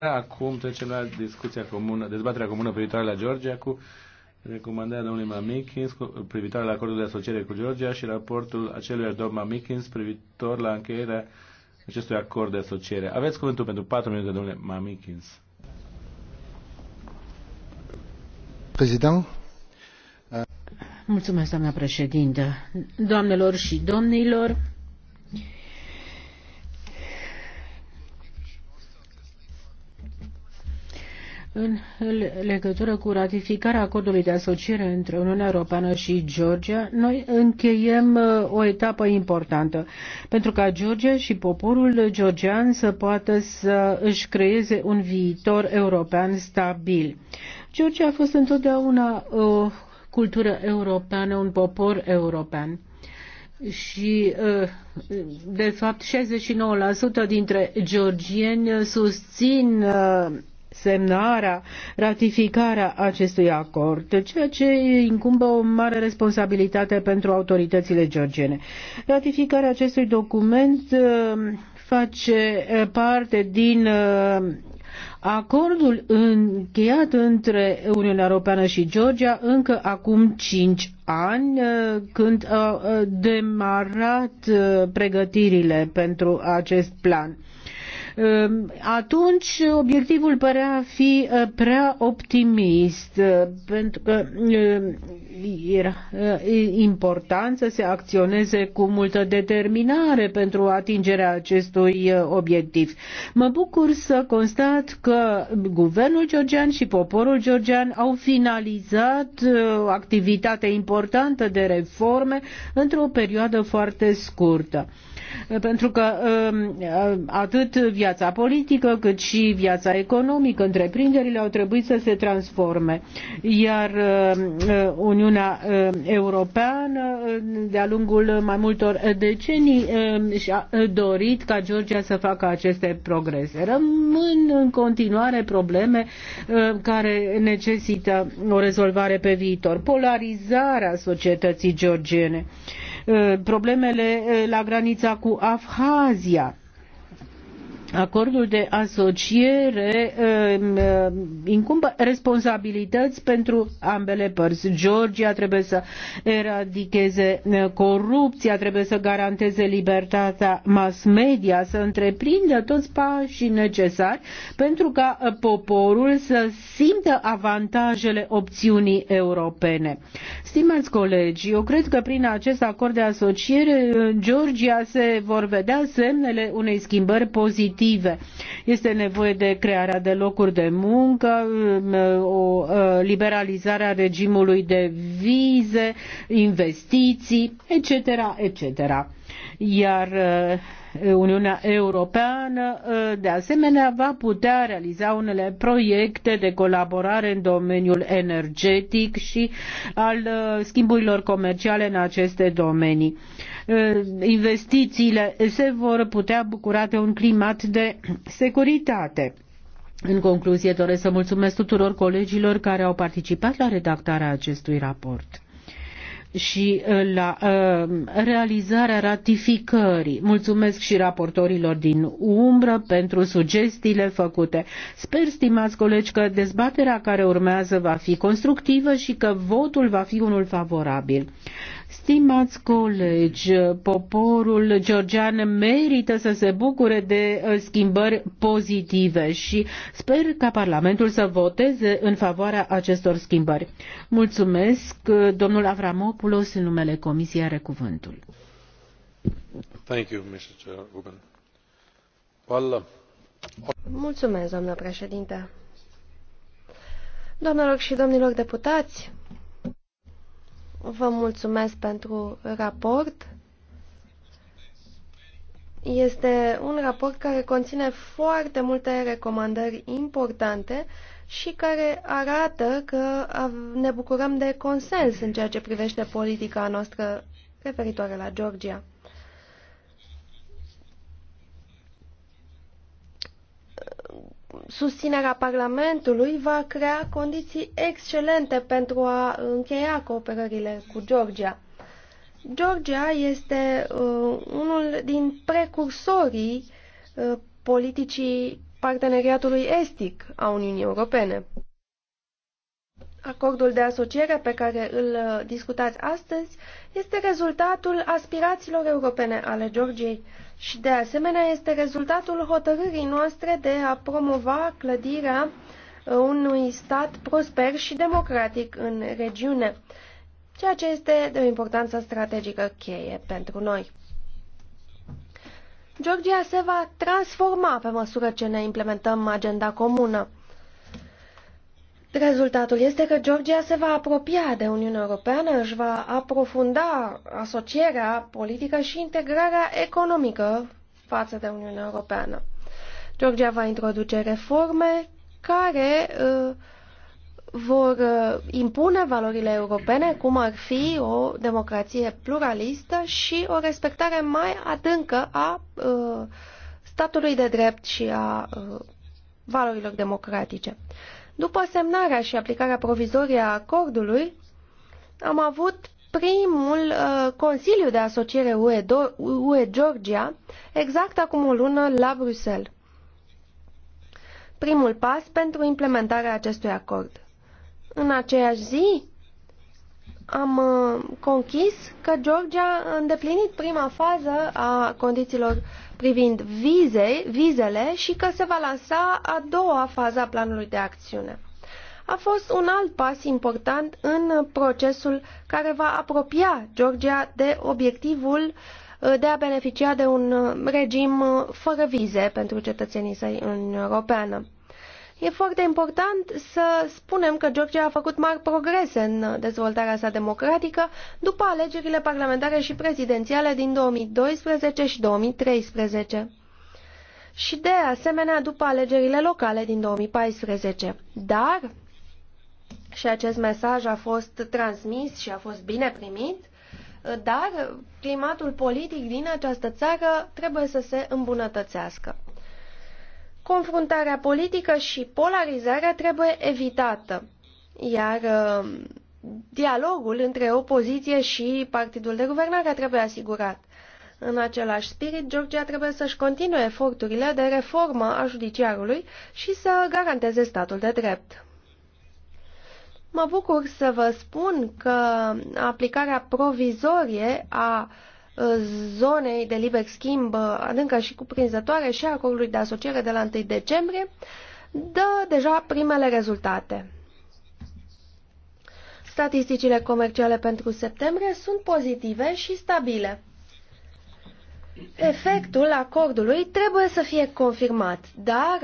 Acum trecem la discuția comună, dezbaterea comună privitoare la Georgia cu recomandarea domnului Mamikins privitoare la acordul de asociere cu Georgia și raportul acelui domn Mamikins privitor la încheierea acestui acord de asociere. Aveți cuvântul pentru 4 minute, domnule Mamikins. Prezident. Mulțumesc, doamna președintă. Doamnelor și domnilor, în legătură cu ratificarea acordului de asociere între Uniunea Europeană și Georgia, noi încheiem uh, o etapă importantă pentru ca Georgia și poporul georgian să poată să își creeze un viitor european stabil. Georgia a fost întotdeauna o uh, cultură europeană, un popor european și uh, de fapt 69% dintre georgieni susțin semnarea, ratificarea acestui acord, ceea ce incumbă o mare responsabilitate pentru autoritățile georgiene. Ratificarea acestui document uh, face uh, parte din uh, acordul încheiat între Uniunea Europeană și Georgia încă acum 5 ani, când au demarat pregătirile pentru acest plan. Ehm, atunci obiectivul părea fi eh, prea optimist, eh, pentru că ehm, era eh, important să se acționeze cu multă determinare pentru atingerea acestui obiectiv. Mă bucur să constat că guvernul georgian și poporul georgian au finalizat o activitate importantă de reforme într-o perioadă foarte scurtă pentru că um, atât viața politică cât și viața economică, întreprinderile au trebuit să se transforme. Iar um, Uniunea um, Europeană, de-a lungul mai multor decenii, și-a uh, dorit ca Georgia să facă aceste progrese. Rămân în continuare probleme care necesită o rezolvare pe viitor. Polarizarea societății georgiene. Eh, problemele eh, la granița cu Afhazia Acordul de asociere um, um, incumbă responsabilități pentru ambele părți. Georgia trebuie să eradicheze uh, corupția, trebuie să garanteze libertatea mass media, să întreprindă toți pașii necesari pentru ca uh, poporul să simtă avantajele opțiunii europene. Stimați colegi, eu cred că prin acest acord de asociere uh, Georgia se vor vedea semnele unei schimbări pozitive pozitive. Este nevoie de crearea de locuri de muncă, um, o uh, liberalizare a regimului de vize, investiții, etc., etc. Iar uh, Uniunea Europeană, ă, de asemenea, va putea realiza unele proiecte de colaborare în domeniul energetic și al ă, schimburilor comerciale în aceste domenii. Ă, investițiile se vor putea bucura de un climat de securitate. În concluzie, doresc să mulțumesc tuturor colegilor care au participat la redactarea acestui raport și uh, la uh, realizarea ratificării. Mulțumesc și raportorilor din umbră pentru sugestiile făcute. Sper, stimați colegi, că dezbaterea care urmează va fi constructivă și că votul va fi unul favorabil. Stimați colegi, poporul georgian merită să se bucure de uh, schimbări pozitive și sper ca Parlamentul să voteze în favoarea acestor schimbări. Mulțumesc, uh, domnul Avramopoulos, în numele Comisiei are cuvântul. Thank you, Mr. Well, uh, Mulțumesc, doamnă președinte. Doamnelor și domnilor deputați, Vă mulțumesc pentru raport. Este un raport care conține foarte multe recomandări importante și care arată că ne bucurăm de consens în ceea ce privește politica noastră referitoare la Georgia. susținerea Parlamentului va crea condiții excelente pentru a încheia cooperările cu Georgia. Georgia este uh, unul din precursorii uh, politicii parteneriatului estic a Uniunii Europene. Acordul de asociere pe care îl uh, discutați astăzi este rezultatul aspirațiilor europene ale Georgiei. Și de asemenea este rezultatul hotărârii noastre de a promova clădirea uh, unui stat prosper și democratic în regiune, ceea ce este de o importanță strategică cheie pentru noi. Georgia se va transforma pe măsură ce ne implementăm agenda comună. Rezultatul este că Georgia se va apropia de Uniunea Europeană, își va aprofunda asocierea politică și integrarea economică față de Uniunea Europeană. Georgia va introduce reforme care uh, vor uh, impune valorile europene, cum ar fi o democrație pluralistă și o respectare mai adâncă a uh, statului de drept și a uh, valorilor democratice. După semnarea și aplicarea provizorie a acordului, am avut primul uh, Consiliu de Asociere UE-Georgia exact acum o lună la Bruxelles. Primul pas pentru implementarea acestui acord. În aceeași zi am uh, conchis că Georgia a îndeplinit prima fază a condițiilor privind vize, vizele și că se va lansa a doua fază a planului de acțiune. A fost un alt pas important în procesul care va apropia Georgia de obiectivul uh, de a beneficia de un uh, regim uh, fără vize pentru cetățenii săi în Europeană. E foarte important să spunem că Georgia a făcut mari progrese în dezvoltarea sa democratică după alegerile parlamentare și prezidențiale din 2012 și 2013 și de asemenea după alegerile locale din 2014. Dar, și acest mesaj a fost transmis și a fost bine primit, dar climatul politic din această țară trebuie să se îmbunătățească confruntarea politică și polarizarea trebuie evitată, iar uh, dialogul între opoziție și partidul de guvernare trebuie asigurat. În același spirit, Georgia trebuie să-și continue eforturile de reformă a judiciarului și să garanteze statul de drept. Mă bucur să vă spun că aplicarea provizorie a uh, Uh, zonei de liber schimb uh, adâncă și cuprinzătoare și a acordului de asociere de la 1 decembrie, dă deja primele rezultate. Statisticile comerciale pentru septembrie sunt pozitive și stabile. Efectul acordului trebuie să fie confirmat, dar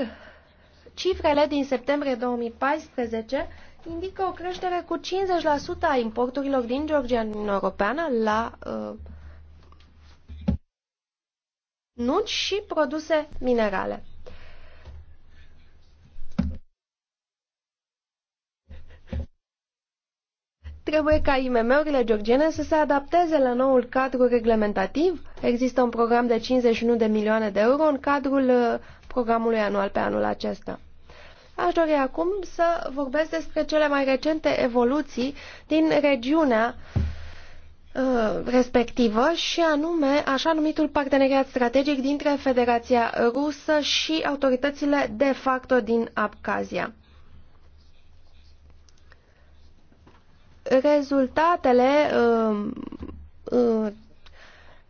cifrele din septembrie 2014 indică o creștere cu 50% a importurilor din Georgia în Europeană la uh, nuci și produse minerale. Trebuie ca IMM-urile georgiene să se adapteze la noul cadru reglementativ. Există un program de 51 de milioane de euro în cadrul uh, programului anual pe anul acesta. Aș dori acum să vorbesc despre cele mai recente evoluții din regiunea uh, Uh, respectivă și anume așa numitul parteneriat strategic dintre Federația Rusă și autoritățile de facto din Abkhazia. Rezultatele uh, uh,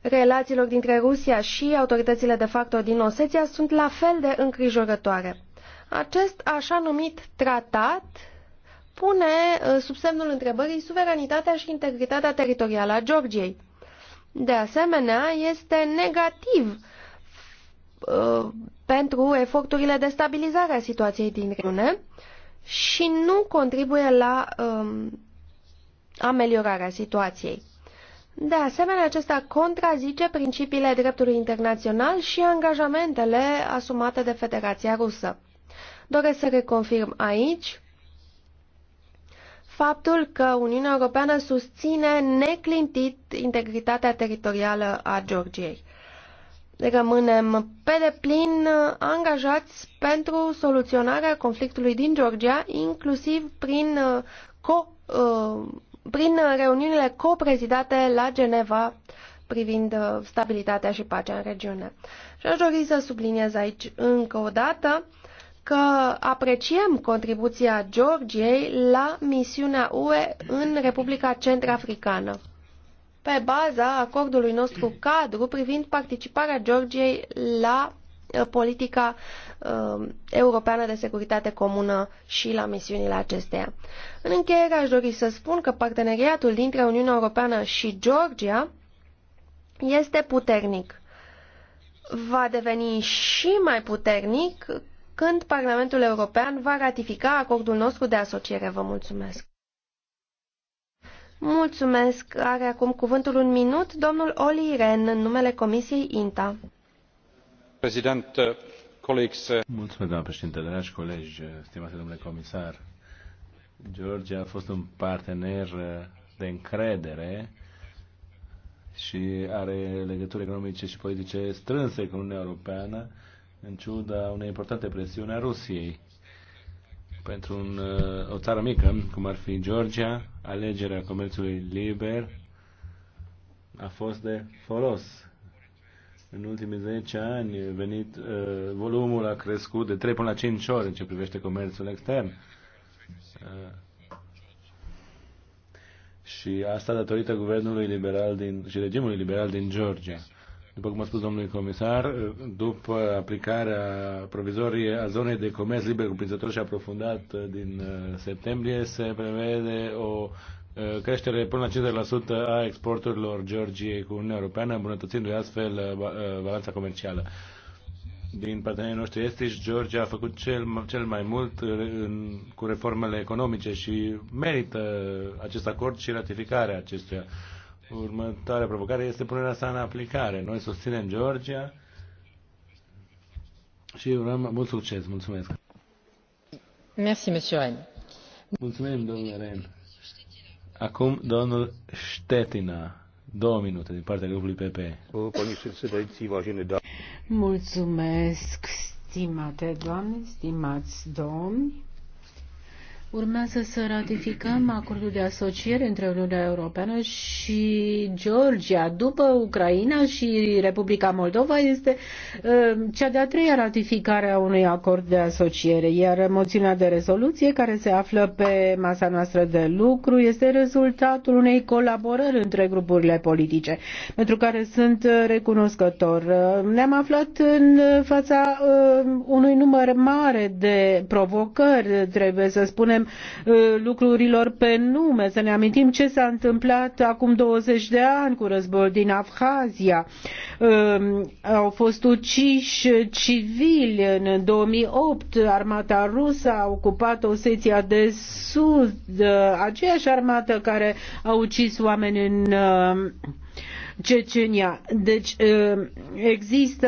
relațiilor dintre Rusia și autoritățile de facto din Osetia sunt la fel de îngrijorătoare. Acest așa numit tratat pune uh, sub semnul întrebării suveranitatea și integritatea teritorială a Georgiei. De asemenea, este negativ uh, pentru eforturile de stabilizare a situației din regiune și nu contribuie la um, ameliorarea situației. De asemenea, acesta contrazice principiile dreptului internațional și angajamentele asumate de Federația Rusă. Doresc să reconfirm aici faptul că Uniunea Europeană susține neclintit integritatea teritorială a Georgiei. Rămânem pe deplin angajați pentru soluționarea conflictului din Georgia, inclusiv prin, co, prin reuniunile coprezidate la Geneva privind stabilitatea și pacea în regiune. Și aș dori să subliniez aici încă o dată că apreciem contribuția Georgiei la misiunea UE în Republica Centrafricană, pe baza acordului nostru cadru privind participarea Georgiei la uh, politica uh, europeană de securitate comună și la misiunile acesteia. În încheiere aș dori să spun că parteneriatul dintre Uniunea Europeană și Georgia este puternic. Va deveni și mai puternic când Parlamentul European va ratifica acordul nostru de asociere. Vă mulțumesc! Mulțumesc! Are acum cuvântul un minut domnul Oli Ren în numele Comisiei INTA. Președinte, uh, colegi... Uh, mulțumesc, doamnă președinte, dragi colegi, uh, stimate domnule comisar. Georgia a fost un partener de încredere și are legături economice și politice strânse cu Uniunea Europeană în ciuda unei importante presiuni a Rusiei. Pentru un, uh, o țară mică, cum ar fi Georgia, alegerea comerțului liber a fost de folos. În ultimii 10 ani venit, uh, volumul a crescut de 3 până la 5 ori în ce privește comerțul extern. Uh, și asta datorită guvernului liberal din, și regimului liberal din Georgia după cum a spus domnului comisar, după aplicarea provizorie a zonei de comerț liber cuprinzător și aprofundat uh, din uh, septembrie, se prevede o uh, creștere până la 50% a exporturilor Georgiei cu Uniunea Europeană, îmbunătățindu-i astfel balanța comercială. Din partenerii noștri estici, Georgia a făcut cel, cel mai mult în, cu reformele economice și merită acest acord și ratificarea acestuia. Următoarea provocare este punerea sa în aplicare. Noi susținem Georgia și urăm mult succes. Mulțumesc! Merci, monsieur Ren. Mulțumim, domnule Ren. Acum, domnul Ștetina. Două minute din partea grupului PP. Mulțumesc, stimate doamne, stimați domni. Urmează să ratificăm acordul de asociere între Uniunea Europeană și Georgia. După Ucraina și Republica Moldova este uh, cea de-a treia ratificare a unui acord de asociere, iar moțiunea de rezoluție care se află pe masa noastră de lucru este rezultatul unei colaborări între grupurile politice, pentru care sunt recunoscător. Ne-am aflat în fața uh, unui număr mare de provocări, trebuie să spunem, Uh, lucrurilor pe nume, să ne amintim ce s-a întâmplat acum 20 de ani cu războiul din Abhazia. Uh, au fost uciși civili în 2008, armata rusă a ocupat Oseția de Sud, uh, aceeași armată care a ucis oameni în Cecenia. Deci um, există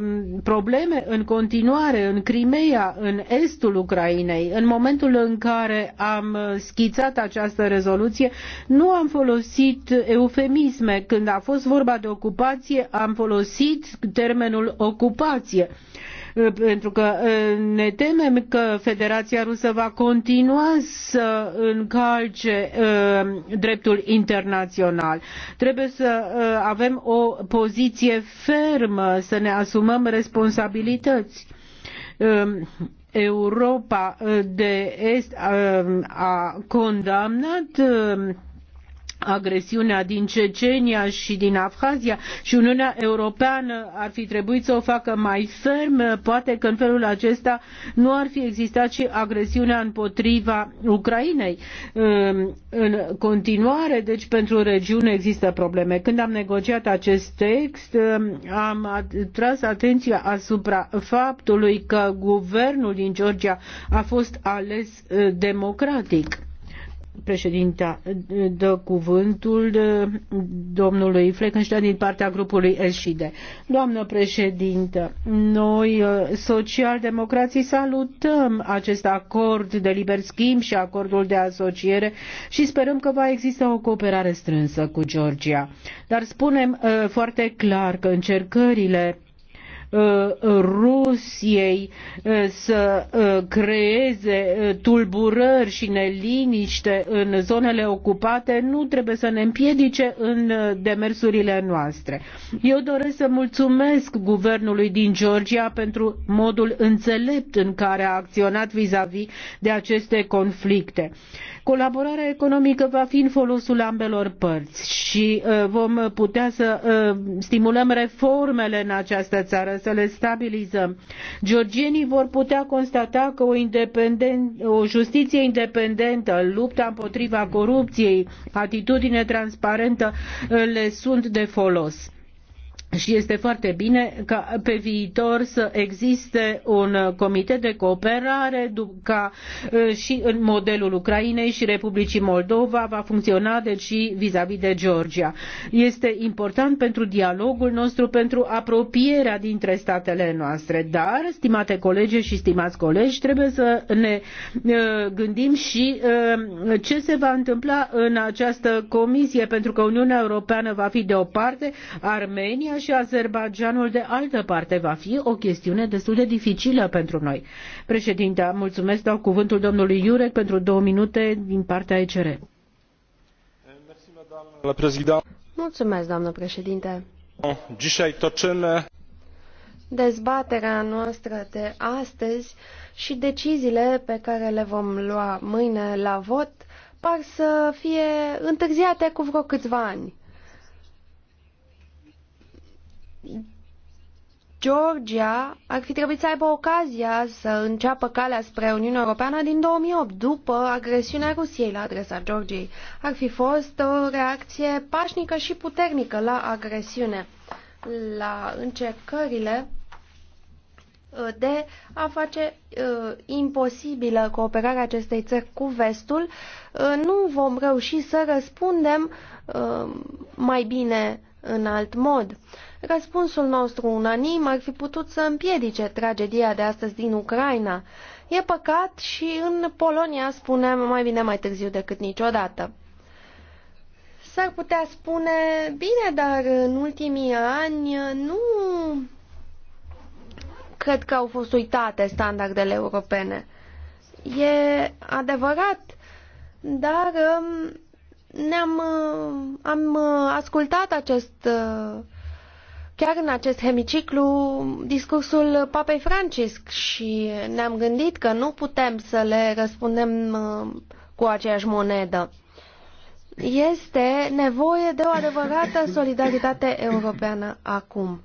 um, probleme în continuare în Crimea, în estul Ucrainei. În momentul în care am schițat această rezoluție, nu am folosit eufemisme. Când a fost vorba de ocupație, am folosit termenul ocupație. Uh, pentru că uh, ne temem că Federația Rusă va continua să încalce uh, dreptul internațional. Trebuie să avem o poziție fermă, să ne asumăm responsabilități. Um, Europa de Est a condamnat agresiunea din Cecenia și din Abhazia și Uniunea Europeană ar fi trebuit să o facă mai ferm, poate că în felul acesta nu ar fi existat și agresiunea împotriva Ucrainei. În continuare, deci pentru regiune există probleme. Când am negociat acest text, um, am tras atenția asupra faptului că guvernul din Georgia a fost ales uh, democratic Președinta dă cuvântul domnului Fleckenstein din partea grupului Elșide. Doamnă președintă, noi uh, socialdemocrații salutăm acest acord de liber schimb și acordul de asociere și sperăm că va exista o cooperare strânsă cu Georgia. Dar spunem uh, foarte clar că încercările Uh, Rusiei uh, să uh, creeze tulburări și neliniște în zonele ocupate nu trebuie să ne împiedice în demersurile noastre. Eu doresc să mulțumesc guvernului din Georgia pentru modul înțelept în care a acționat vis-a-vis de aceste conflicte. Colaborarea economică va fi în folosul ambelor părți și uh, vom putea să uh, stimulăm reformele în această țară, să le stabilizăm. Georgienii vor putea constata că o, o justiție independentă, lupta împotriva corupției, atitudine transparentă uh, le sunt de folos și este foarte bine ca pe viitor să existe un comitet de cooperare ca uh, și în modelul Ucrainei și Republicii Moldova va funcționa deci și vis-a-vis de Georgia. Este important pentru dialogul nostru, pentru apropierea dintre statele noastre, dar, stimate colege și stimați colegi, trebuie să ne uh, gândim și uh, ce se va întâmpla în această comisie, pentru că Uniunea Europeană va fi de o parte, Armenia și Azerbaidjanul de altă parte va fi o chestiune destul de dificilă pentru noi. Președinte, mulțumesc, dau cuvântul domnului Iurec pentru două minute din partea ECR. Mulțumesc, doamnă președinte. dezbaterea noastră de astăzi și deciziile pe care le vom lua mâine la vot par să fie întârziate cu vreo câțiva ani. Georgia ar fi trebuit să aibă ocazia să înceapă calea spre Uniunea Europeană din 2008, după agresiunea Rusiei la adresa Georgiei. Ar fi fost o reacție pașnică și puternică la agresiune, la încercările uh, de a face uh, imposibilă cooperarea acestei țări cu vestul, uh, nu vom reuși să răspundem uh, mai bine în alt mod. Uh, Răspunsul nostru unanim ar fi putut să împiedice tragedia de astăzi din Ucraina. E păcat și în Polonia spunem mai bine mai târziu decât niciodată. S-ar putea spune, bine, dar în ultimii ani nu cred că au fost uitate standardele europene. E adevărat, dar um, ne-am am ascultat acest uh, chiar în acest hemiciclu discursul Papei Francisc și ne-am gândit că nu putem să le răspundem uh, cu aceeași monedă. Este nevoie de o adevărată solidaritate europeană acum.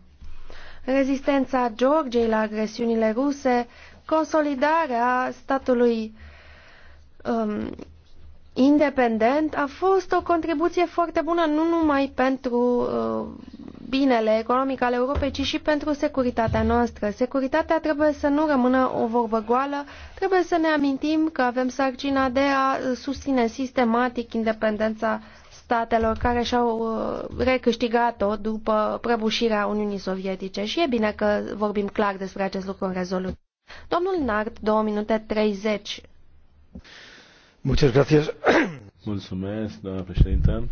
Rezistența Georgiei la agresiunile ruse, consolidarea statului um, independent a fost o contribuție foarte bună nu numai pentru uh, binele economic al Europei, ci și pentru securitatea noastră. Securitatea trebuie să nu rămână o vorbă goală, trebuie să ne amintim că avem sarcina de a susține sistematic independența statelor care și-au uh, recâștigat-o după prăbușirea Uniunii Sovietice. Și e bine că vorbim clar despre acest lucru în rezoluție. Domnul Nart, 2 minute 30. Mulțumesc, doamna președintă.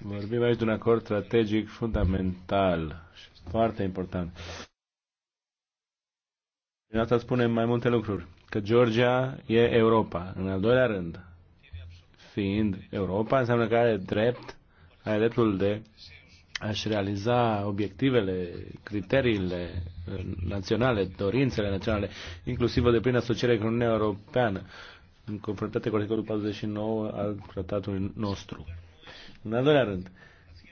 Vorbim aici de un acord strategic fundamental și foarte important. Prin asta spunem mai multe lucruri. Că Georgia e Europa, în al doilea rând. Fiind Europa, înseamnă că are drept, are dreptul de a-și realiza obiectivele, criteriile uh, naționale, dorințele naționale, inclusiv de prin asociere cu Uniunea Europeană, în conformitate cu articolul 49 al tratatului nostru. În al doilea rând,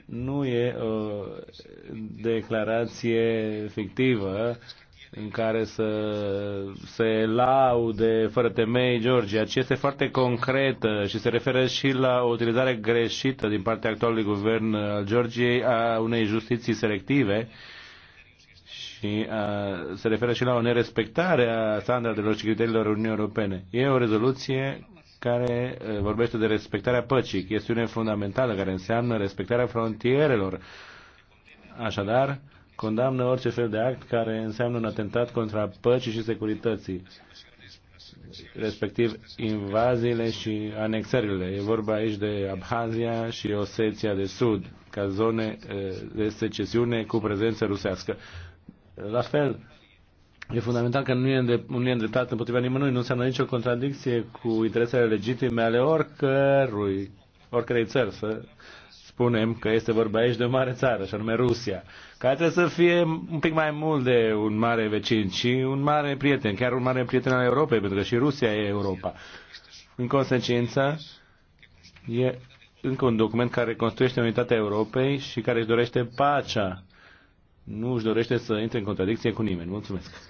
nu e o uh, declarație fictivă în care să se laude fără temei Georgia, ci este foarte concretă și se referă și la o utilizare greșită din partea actualului guvern al Georgiei a unei justiții selective și a, uh, se referă și la o nerespectare a standardelor și criteriilor Uniunii Europene. E o rezoluție care uh, vorbește de respectarea păcii, chestiune fundamentală care înseamnă respectarea frontierelor. Așadar, condamnă orice fel de act care înseamnă un atentat contra păcii și securității, respectiv invaziile și anexările. E vorba aici de Abhazia și Oseția de Sud, ca zone uh, de secesiune cu prezență rusească. La fel, E fundamental că nu e, nu e îndreptat împotriva nimănui, nu înseamnă nicio contradicție cu interesele legitime ale oricărui, oricărei țări, să spunem că este vorba aici de o mare țară, și anume Rusia, care trebuie să fie un pic mai mult de un mare vecin, ci un mare prieten, chiar un mare prieten al Europei, pentru că și Rusia e Europa. În consecință, e încă un document care construiește unitatea Europei și care își dorește pacea. Nu își dorește să intre în contradicție cu nimeni. Mulțumesc!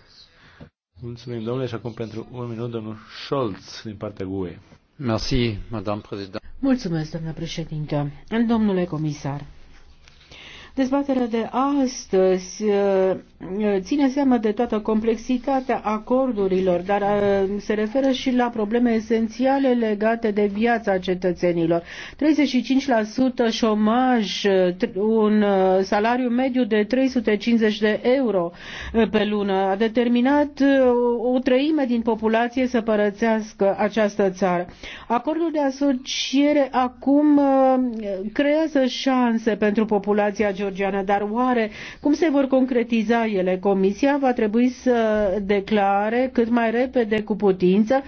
Mulțumim, domnule, și acum pentru un minut, domnul Scholz, din partea GUE. Merci, madame Mulțumesc, domnule președinte. Domnule comisar, Dezbaterea de astăzi uh, ține seama de toată complexitatea acordurilor, dar uh, se referă și la probleme esențiale legate de viața cetățenilor. 35% șomaj, uh, un salariu mediu de 350 de euro pe lună a determinat o treime din populație să părățească această țară. Acordul de asociere acum creează șanse pentru populația georgiană georgiană, dar oare cum se vor concretiza ele? Comisia va trebui să declare cât mai repede cu putință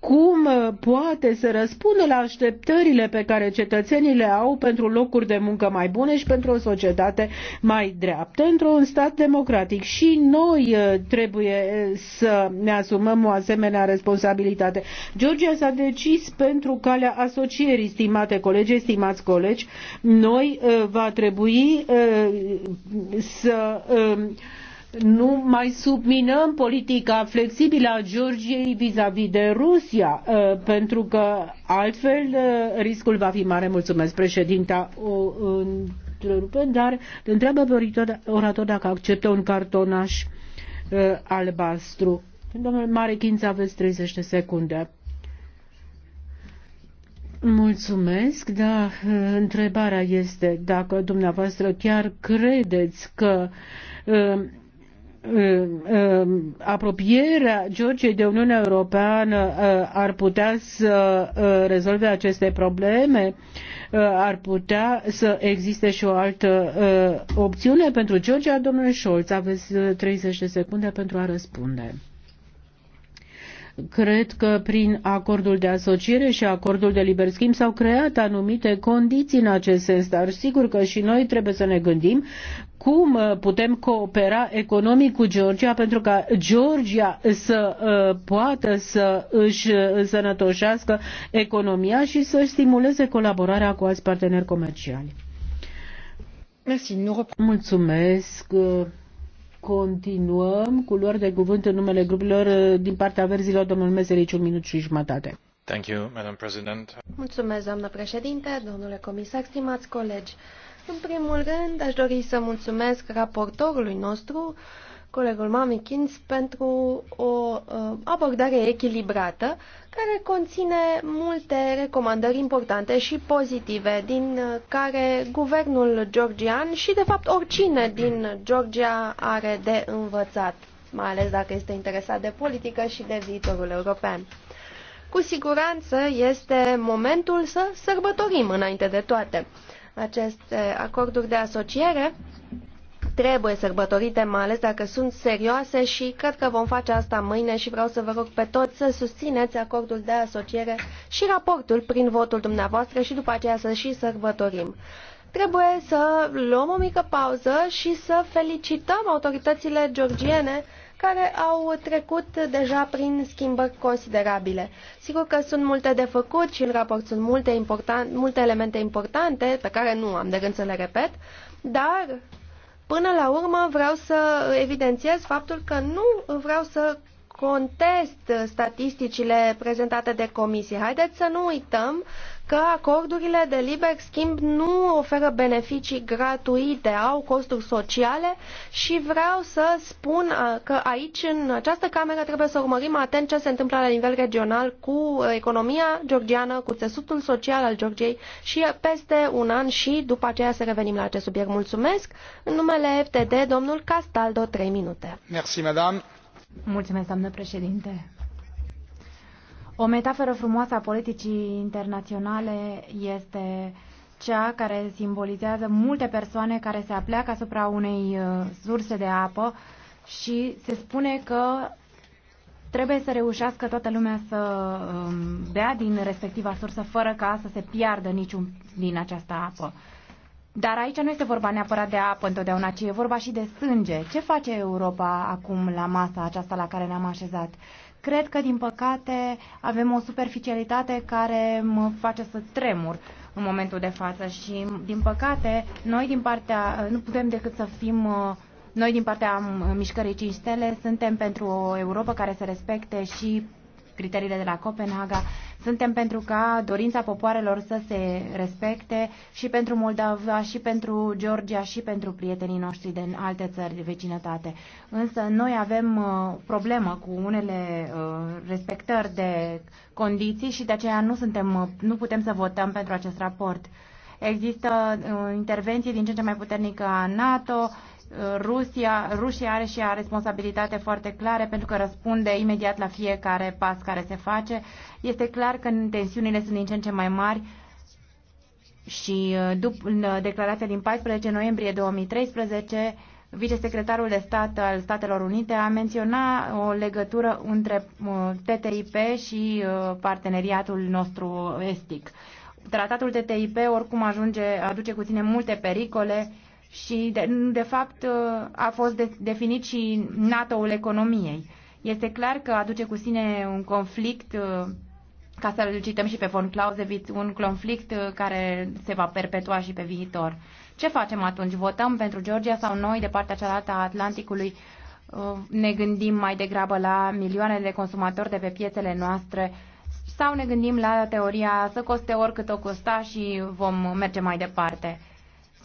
cum uh, poate să răspundă la așteptările pe care cetățenii le au pentru locuri de muncă mai bune și pentru o societate mai dreaptă într-un stat democratic. Și noi uh, trebuie uh, să ne asumăm o asemenea responsabilitate. Georgia s-a decis pentru calea asocierii, stimate colegi, stimați colegi. Noi va trebui să um, nu mai subminăm politica flexibilă a Georgiei vis-a-vis de Rusia, uh, pentru că altfel uh, riscul va fi mare. Mulțumesc, președinta. O întrerupe, dar întreabă pe orator dacă acceptă un cartonaș uh, albastru. Domnule Mare aveți 30 de secunde. Mulțumesc, da, întrebarea este dacă dumneavoastră chiar credeți că apropierea Georgiei de Uniunea Europeană uh, ar putea să uh, rezolve aceste probleme, uh, ar putea să existe și o altă opțiune pentru Georgia. Domnule Scholz, aveți 30 de secunde pentru a răspunde. Cred că prin acordul de asociere și acordul de liber schimb s-au creat anumite condiții în acest sens, dar sigur că și noi trebuie să ne gândim cum uh, putem coopera economic cu Georgia pentru ca Georgia să uh, poată să își însănătoșească uh, economia și să stimuleze colaborarea cu alți parteneri comerciali. Mulțumesc. Uh, Continuăm cu luări de cuvânt în numele grupurilor uh, din partea verzilor, domnul Meserici, un minut și jumătate. Thank you, Madam President. Mulțumesc, doamnă președinte, domnule comisar, stimați colegi. În primul rând, aș dori să mulțumesc raportorului nostru colegul Kins pentru o uh, abordare echilibrată care conține multe recomandări importante și pozitive din uh, care guvernul georgian și de fapt oricine din Georgia are de învățat, mai ales dacă este interesat de politică și de viitorul european. Cu siguranță este momentul să sărbătorim înainte de toate aceste acorduri de asociere trebuie sărbătorite, mai ales dacă sunt serioase și cred că vom face asta mâine și vreau să vă rog pe toți să susțineți acordul de asociere și raportul prin votul dumneavoastră și după aceea să și sărbătorim. Trebuie să luăm o mică pauză și să felicităm autoritățile georgiene care au trecut deja prin schimbări considerabile. Sigur că sunt multe de făcut și în raport sunt multe, important, multe elemente importante pe care nu am de gând să le repet, dar Până la urmă vreau să evidențiez faptul că nu vreau să contest statisticile prezentate de comisie. Haideți să nu uităm că acordurile de liber schimb nu oferă beneficii gratuite, au costuri sociale și vreau să spun uh, că aici, în această cameră, trebuie să urmărim atent ce se întâmplă la nivel regional cu uh, economia georgiană, cu țesutul social al Georgiei și peste un an și după aceea să revenim la acest subiect. Mulțumesc! În numele FTD, domnul Castaldo, 3 minute. Merci, madame. Mulțumesc, doamnă președinte. O metaforă frumoasă a politicii internaționale este cea care simbolizează multe persoane care se apleacă asupra unei uh, surse de apă și se spune că trebuie să reușească toată lumea să um, bea din respectiva sursă fără ca să se piardă niciun din această apă. Dar aici nu este vorba neapărat de apă întotdeauna, ci e vorba și de sânge. Ce face Europa acum la masa aceasta la care ne-am așezat? Cred că, din păcate, avem o superficialitate care mă face să tremur în momentul de față și, din păcate, noi din partea, nu putem decât să fim noi din partea Mișcării 5 Stele suntem pentru o Europa care să respecte și criteriile de la Copenhaga. Suntem pentru ca dorința popoarelor să se respecte și pentru Moldova, și pentru Georgia, și pentru prietenii noștri din alte țări de vecinătate. Însă noi avem uh, problemă cu unele uh, respectări de condiții și de aceea nu, suntem, uh, nu putem să votăm pentru acest raport. Există uh, intervenții din ce în ce mai puternică a NATO, Rusia, Rusia are și ea responsabilitate foarte clare pentru că răspunde imediat la fiecare pas care se face. Este clar că tensiunile sunt din ce în ce mai mari și uh, după uh, declarația din 14 noiembrie 2013, vicesecretarul de stat al Statelor Unite a menționat o legătură între uh, TTIP și parteneriatul nostru estic. Tratatul TTIP oricum ajunge, aduce cu sine multe pericole și, de, de fapt, a fost de, definit și NATO-ul economiei. Este clar că aduce cu sine un conflict, uh, ca să-l cităm și pe von Clausewitz, un conflict uh, care se va perpetua și pe viitor. Ce facem atunci? Votăm pentru Georgia sau noi, de partea cealaltă a Atlanticului, uh, ne gândim mai degrabă la milioane de consumatori de pe piețele noastre sau ne gândim la teoria să coste oricât o costa și vom merge mai departe.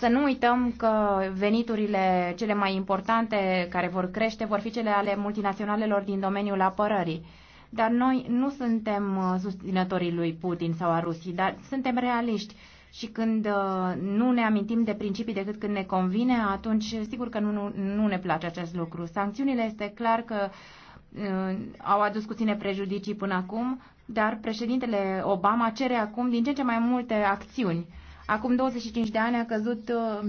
Să nu uităm că veniturile cele mai importante care vor crește vor fi cele ale multinaționalelor din domeniul apărării. Dar noi nu suntem uh, susținătorii lui Putin sau a Rusiei, dar suntem realiști. Și când uh, nu ne amintim de principii decât când ne convine, atunci sigur că nu, nu, nu ne place acest lucru. Sancțiunile este clar că uh, au adus puține prejudicii până acum, dar președintele Obama cere acum din ce în ce mai multe acțiuni Acum 25 de ani a căzut uh,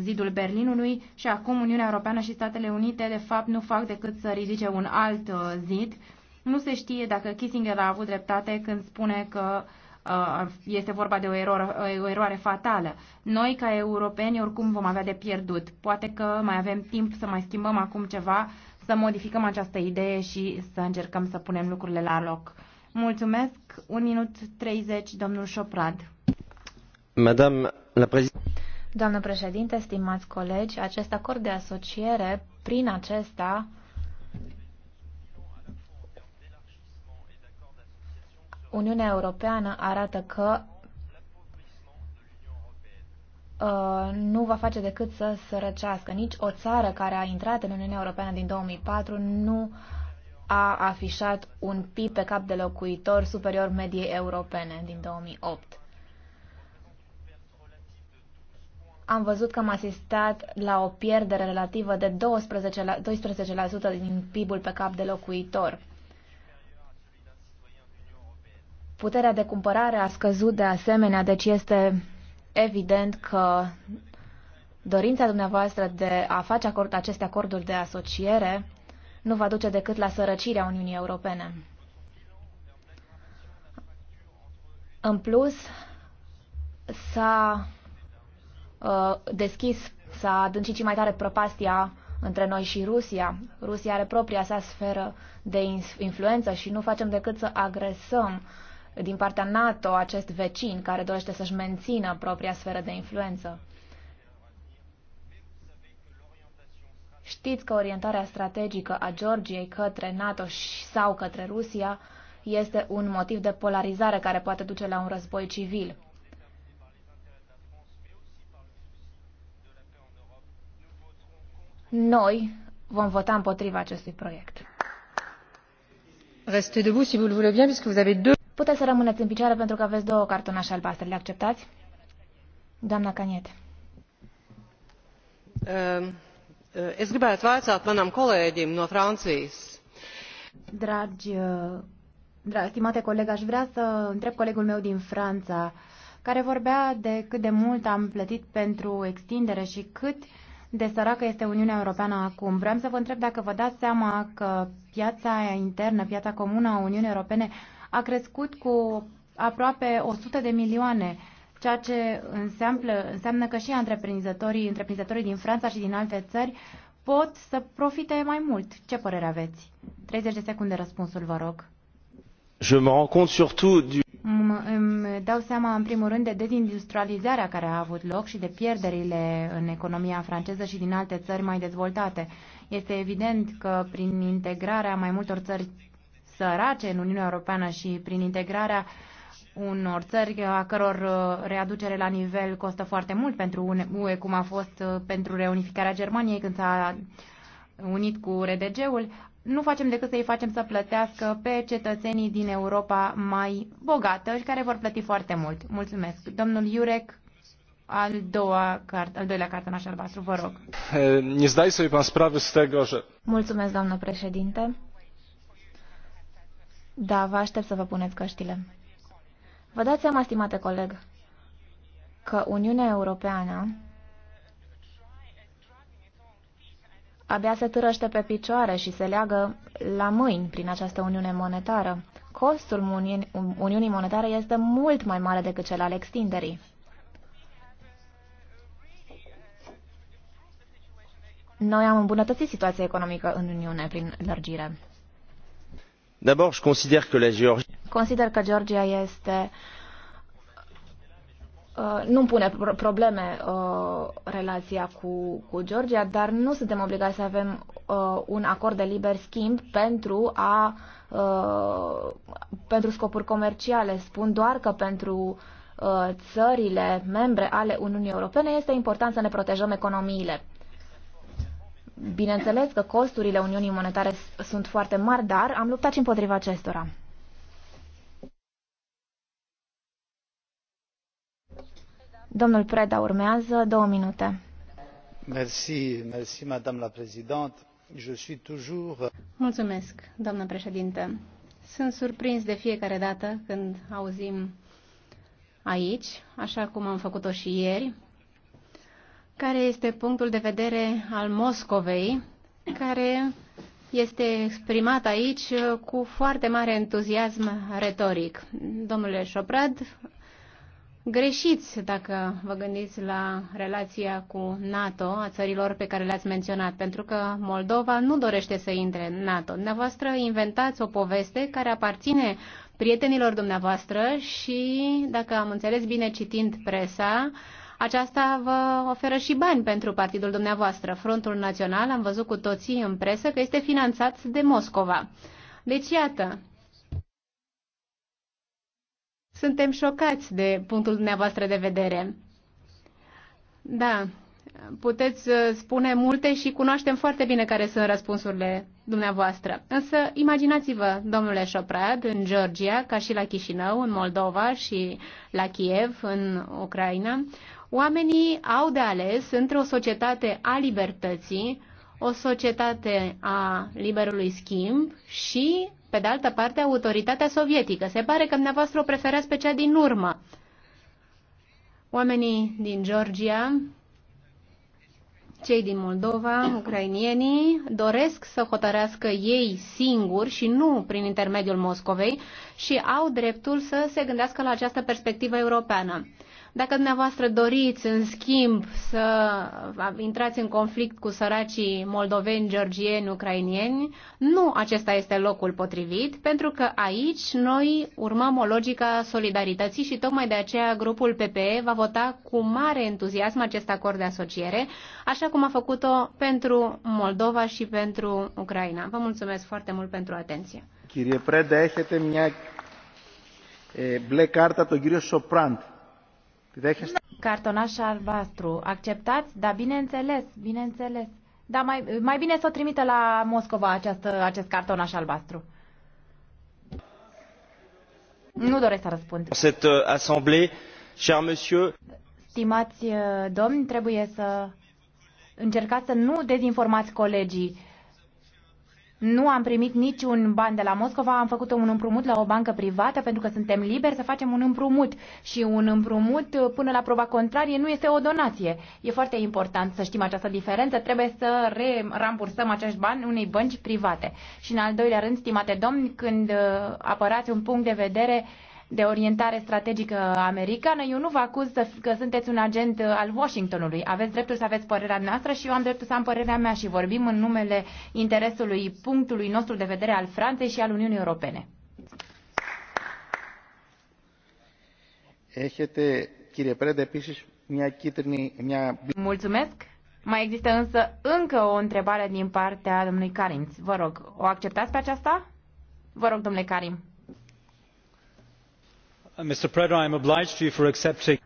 zidul Berlinului și acum Uniunea Europeană și Statele Unite de fapt nu fac decât să ridice un alt uh, zid. Nu se știe dacă Kissinger a avut dreptate când spune că uh, este vorba de o eroare, o eroare fatală. Noi, ca europeni, oricum vom avea de pierdut. Poate că mai avem timp să mai schimbăm acum ceva, să modificăm această idee și să încercăm să punem lucrurile la loc. Mulțumesc. Un minut 30, domnul Șoprad. Doamnă președinte, stimați colegi, acest acord de asociere, prin acesta, Uniunea Europeană arată că uh, nu va face decât să sărăcească. Nici o țară care a intrat în Uniunea Europeană din 2004 nu a afișat un PIB pe cap de locuitor superior mediei europene din 2008. am văzut că am asistat la o pierdere relativă de 12%, la, 12 din PIB-ul pe cap de locuitor. Puterea de cumpărare a scăzut de asemenea, deci este evident că dorința dumneavoastră de a face acord, aceste acorduri de asociere nu va duce decât la sărăcirea Uniunii Europene. În plus, s-a Uh, deschis, s-a adâncit și mai tare prăpastia între noi și Rusia. Rusia are propria sa sferă de influență și nu facem decât să agresăm din partea NATO acest vecin care dorește să-și mențină propria sferă de influență. Știți că orientarea strategică a Georgiei către NATO sau către Rusia este un motiv de polarizare care poate duce la un război civil. Noi vom vota împotriva acestui proiect. Restez debout si vous le voulez bien, puisque vous avez deux... Puteți să rămâneți în picioare pentru că aveți două cartonașe albastre. Le acceptați? Doamna Caniet. Uh, es gribētu vaicāt manam kolēģim no Francijas. Dragi, eh, dragi, stimate coleg, aș vrea să întreb colegul meu din Franța, care vorbea de cât de mult am plătit pentru extindere și cât uh, de săracă este Uniunea Europeană acum. Vreau să vă întreb dacă vă dați seama că piața internă, piața comună a Uniunii Europene a crescut cu aproape 100 de milioane, ceea ce înseamnă, înseamnă că și întreprinzătorii, întreprinzătorii din Franța și din alte țări pot să profite mai mult. Ce părere aveți? 30 de secunde răspunsul, vă rog. Je me rends compte surtout du îmi dau seama, în primul rând, de dezindustrializarea care a avut loc și de pierderile în economia franceză și din alte țări mai dezvoltate. Este evident că prin integrarea mai multor țări sărace în Uniunea Europeană și prin integrarea unor țări a căror uh, readucere la nivel costă foarte mult pentru UE, cum a fost uh, pentru reunificarea Germaniei când s-a unit cu RDG-ul, nu facem decât să-i facem să plătească pe cetățenii din Europa mai bogată și care vor plăti foarte mult. Mulțumesc. Domnul Iurec, al, doua cart, al doilea cartonaș albastru, vă rog. Mulțumesc, doamnă președinte. Da, vă aștept să vă puneți căștile. Vă dați seama, stimate coleg, că Uniunea Europeană abia se târăște pe picioare și se leagă la mâini prin această uniune monetară. Costul uniunii monetare este mult mai mare decât cel al extinderii. Noi am îmbunătățit situația economică în Uniune prin lărgire. D'abord, je la Consider că Georgia este uh, Uh, nu pune probleme uh, relația cu, cu Georgia, dar nu suntem obligați să avem uh, un acord de liber schimb pentru a uh, pentru scopuri comerciale. Spun doar că pentru uh, țările membre ale Uniunii Europene este important să ne protejăm economiile. Bineînțeles că costurile Uniunii Monetare sunt foarte mari, dar am luptat și împotriva acestora. Domnul Preda urmează, două minute. Merci, merci, madame la présidente. Je suis toujours... Mulțumesc, doamnă președinte. Sunt surprins de fiecare dată când auzim aici, așa cum am făcut-o și ieri, care este punctul de vedere al Moscovei, care este exprimat aici cu foarte mare entuziasm retoric. Domnule Șoprad, greșiți dacă vă gândiți la relația cu NATO, a țărilor pe care le-ați menționat, pentru că Moldova nu dorește să intre în NATO. Dumneavoastră inventați o poveste care aparține prietenilor dumneavoastră și, dacă am înțeles bine citind presa, aceasta vă oferă și bani pentru partidul dumneavoastră. Frontul Național, am văzut cu toții în presă că este finanțat de Moscova. Deci, iată, suntem șocați de punctul dumneavoastră de vedere. Da, puteți uh, spune multe și cunoaștem foarte bine care sunt răspunsurile dumneavoastră. Însă, imaginați-vă, domnule Șoprad, în Georgia, ca și la Chișinău, în Moldova și la Kiev, în Ucraina, oamenii au de ales între o societate a libertății, o societate a liberului schimb și pe de altă parte, autoritatea sovietică. Se pare că dumneavoastră o preferați pe cea din urmă. Oamenii din Georgia, cei din Moldova, ucrainienii, doresc să hotărească ei singuri și nu prin intermediul Moscovei și au dreptul să se gândească la această perspectivă europeană. Dacă dumneavoastră doriți, în schimb, să intrați în conflict cu săracii moldoveni, georgieni, ucrainieni, nu acesta este locul potrivit, pentru că aici noi urmăm o logică a solidarității și tocmai de aceea grupul PPE va vota cu mare entuziasm acest acord de asociere, așa cum a făcut-o pentru Moldova și pentru Ucraina. Vă mulțumesc foarte mult pentru atenție. Chirie Preda, έχετε μια ε, μπλε κάρτα τον κύριο Σοπράντ. Cartonaș albastru. Acceptați? Da, bineînțeles, bineînțeles. Da, mai, mai bine să o trimită la Moscova această, acest cartonaș albastru. Nu doresc să răspund. Cette uh, assemblée, cher monsieur... Stimați uh, domni, trebuie să încercați să nu dezinformați colegii nu am primit niciun ban de la Moscova, am făcut un împrumut la o bancă privată pentru că suntem liberi să facem un împrumut. Și un împrumut, uh, până la proba contrarie, nu este o donație. E foarte important să știm această diferență. Trebuie să rambursăm acești bani unei bănci private. Și în al doilea rând, stimate domni, când uh, apărați un punct de vedere de orientare strategică americană, eu nu vă acuz că sunteți un agent uh, al Washingtonului. Aveți dreptul să aveți părerea noastră și eu am dreptul să am părerea mea și vorbim în numele interesului punctului nostru de vedere al Franței și al Uniunii Europene. Mulțumesc. Mai există însă încă o întrebare din partea domnului Karim. Vă rog, o acceptați pe aceasta? Vă rog, domnule Karim.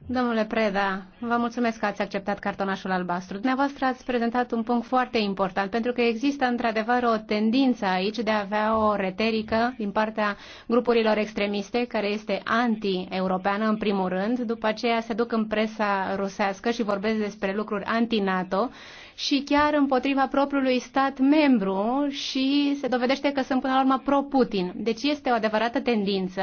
Domnule Preda, vă mulțumesc că ați acceptat cartonașul albastru. Dumneavoastră ați prezentat un punct foarte important, pentru că există într-adevăr o tendință aici de a avea o reterică din partea grupurilor extremiste, care este anti-europeană în primul rând, după aceea se duc în presa rusească și vorbesc despre lucruri anti-NATO și chiar împotriva propriului stat membru și se dovedește că sunt până la urmă pro-Putin. Deci este o adevărată tendință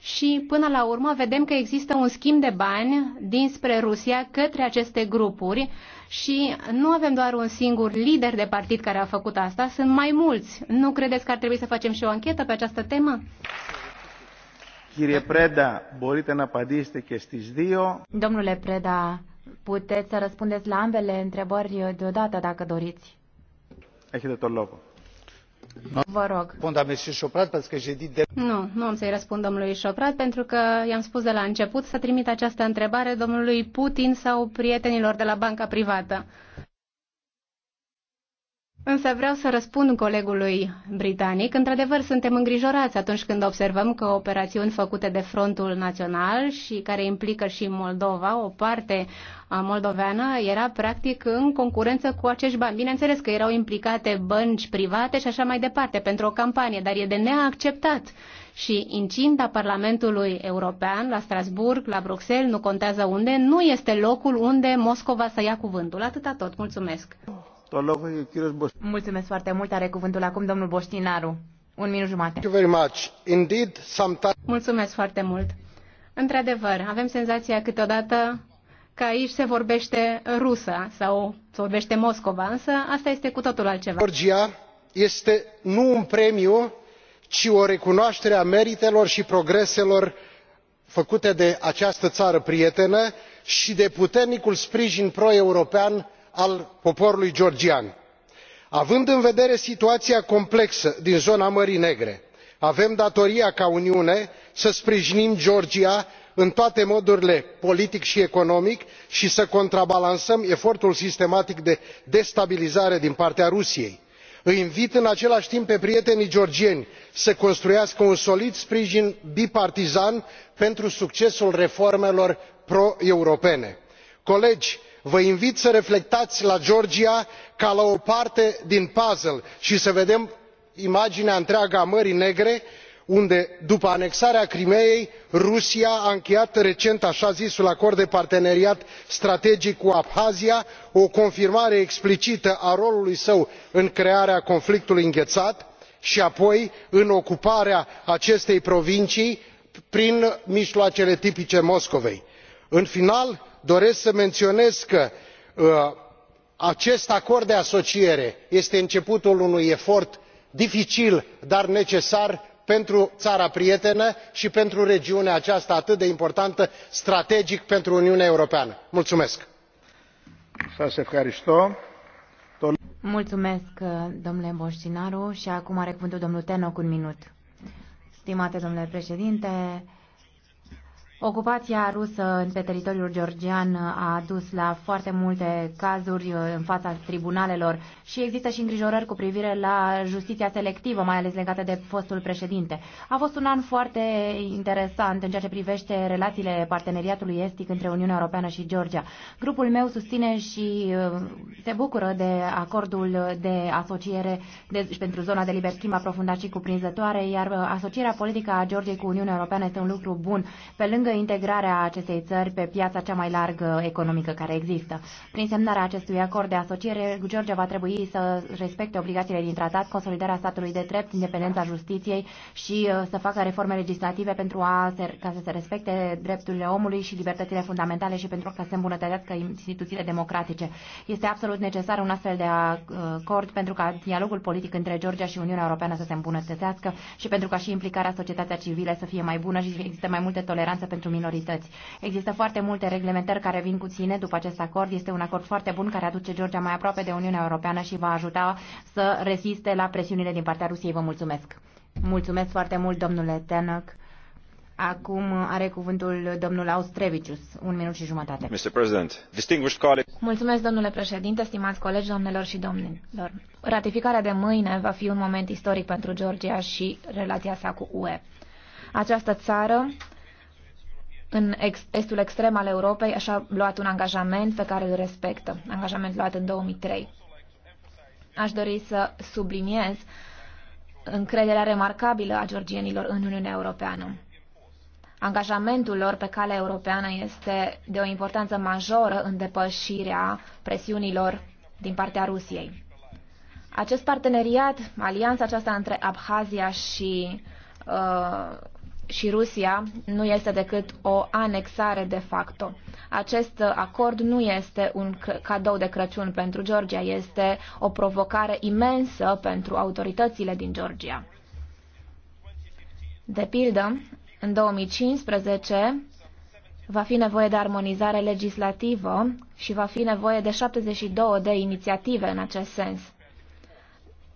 și până la urmă vedem că există un schimb de bani dinspre Rusia către aceste grupuri și nu avem doar un singur lider de partid care a făcut asta, sunt mai mulți. Nu credeți că ar trebui să facem și o anchetă pe această temă? Domnule Preda, puteți să răspundeți la ambele întrebări deodată, dacă doriți. Vă rog. Nu, nu am să-i răspund domnului Șoprat, pentru că i-am spus de la început să trimit această întrebare domnului Putin sau prietenilor de la banca privată. Însă vreau să răspund colegului britanic. Într-adevăr, suntem îngrijorați atunci când observăm că operațiuni făcute de Frontul Național și care implică și Moldova, o parte a moldoveană, era practic în concurență cu acești bani. Bineînțeles că erau implicate bănci private și așa mai departe pentru o campanie, dar e de neacceptat. Și incinta Parlamentului European, la Strasburg, la Bruxelles, nu contează unde, nu este locul unde Moscova să ia cuvântul. Atâta tot. Mulțumesc. Mulțumesc foarte mult. Are cuvântul acum domnul Boștinaru. Un minut jumate. Mulțumesc foarte mult. Într-adevăr, avem senzația câteodată că aici se vorbește rusă sau se vorbește Moscova, însă asta este cu totul altceva. Georgia este nu un premiu, ci o recunoaștere a meritelor și progreselor făcute de această țară prietenă și de puternicul sprijin pro european al poporului georgian. având în vedere situația complexă din zona mării negre avem datoria ca uniune să sprijinim georgia în toate modurile politic și economic și să contrabalansăm efortul sistematic de destabilizare din partea rusiei. îi invit în același timp pe prietenii georgieni să construiască un solid sprijin bipartizan pentru succesul reformelor pro europene. colegi vă invit să reflectați la georgia ca la o parte din puzzle și să vedem imaginea întreagă a mării negre unde după anexarea crimeii rusia a încheiat recent așa zisul acord de parteneriat strategic cu abhazia o confirmare explicită a rolului său în crearea conflictului înghețat și apoi în ocuparea acestei provincii prin mijloacele tipice moscovei. în final doresc să menționez că uh, acest acord de asociere este începutul unui efort dificil dar necesar pentru țara prietenă și pentru regiunea aceasta atât de importantă strategic pentru uniunea europeană. mulțumesc. mulțumesc uh, domnule botinaru și acum are cuvântul domnul un minut. stimate domnule președinte Ocupația rusă pe teritoriul georgian a dus la foarte multe cazuri uh, în fața tribunalelor și există și îngrijorări cu privire la justiția selectivă, mai ales legată de fostul președinte. A fost un an foarte interesant în ceea ce privește relațiile parteneriatului estic între Uniunea Europeană și Georgia. Grupul meu susține și uh, se bucură de acordul de asociere de, pentru zona de liber schimb aprofundat și cuprinzătoare, iar uh, asocierea politică a Georgiei cu Uniunea Europeană este un lucru bun. Pe lângă integrarea acestei țări pe piața cea mai largă economică care există. Prin semnarea acestui acord de asociere, Georgia va trebui să respecte obligațiile din tratat, consolidarea statului de drept, independența justiției și uh, să facă reforme legislative pentru a se, ca să se respecte drepturile omului și libertățile fundamentale și pentru a se îmbunătățească instituțiile democratice. Este absolut necesar un astfel de acord pentru ca dialogul politic între Georgia și Uniunea Europeană să se îmbunătățească și pentru ca și implicarea societatea civilă să fie mai bună și există mai multe toleranță pentru minorități. Există foarte multe reglementări care vin cu ține după acest acord. Este un acord foarte bun care aduce Georgia mai aproape de Uniunea Europeană și va ajuta să reziste la presiunile din partea Rusiei. Vă mulțumesc! Mulțumesc foarte mult, domnule Tenăc. Acum are cuvântul domnul Austrevicius. Un minut și jumătate. Mr. President, distinguished colleagues. Mulțumesc, domnule președinte, stimați colegi, domnilor și domnilor. Ratificarea de mâine va fi un moment istoric pentru Georgia și relația sa cu UE. Această țară în estul extrem al Europei așa luat un angajament pe care îl respectă, angajament luat în 2003. Aș dori să subliniez încrederea remarcabilă a georgienilor în Uniunea Europeană. Angajamentul lor pe calea europeană este de o importanță majoră în depășirea presiunilor din partea Rusiei. Acest parteneriat, alianța aceasta între Abhazia și uh, și Rusia nu este decât o anexare de facto. Acest acord nu este un cadou de Crăciun pentru Georgia, este o provocare imensă pentru autoritățile din Georgia. De pildă, în 2015 va fi nevoie de armonizare legislativă și va fi nevoie de 72 de inițiative în acest sens.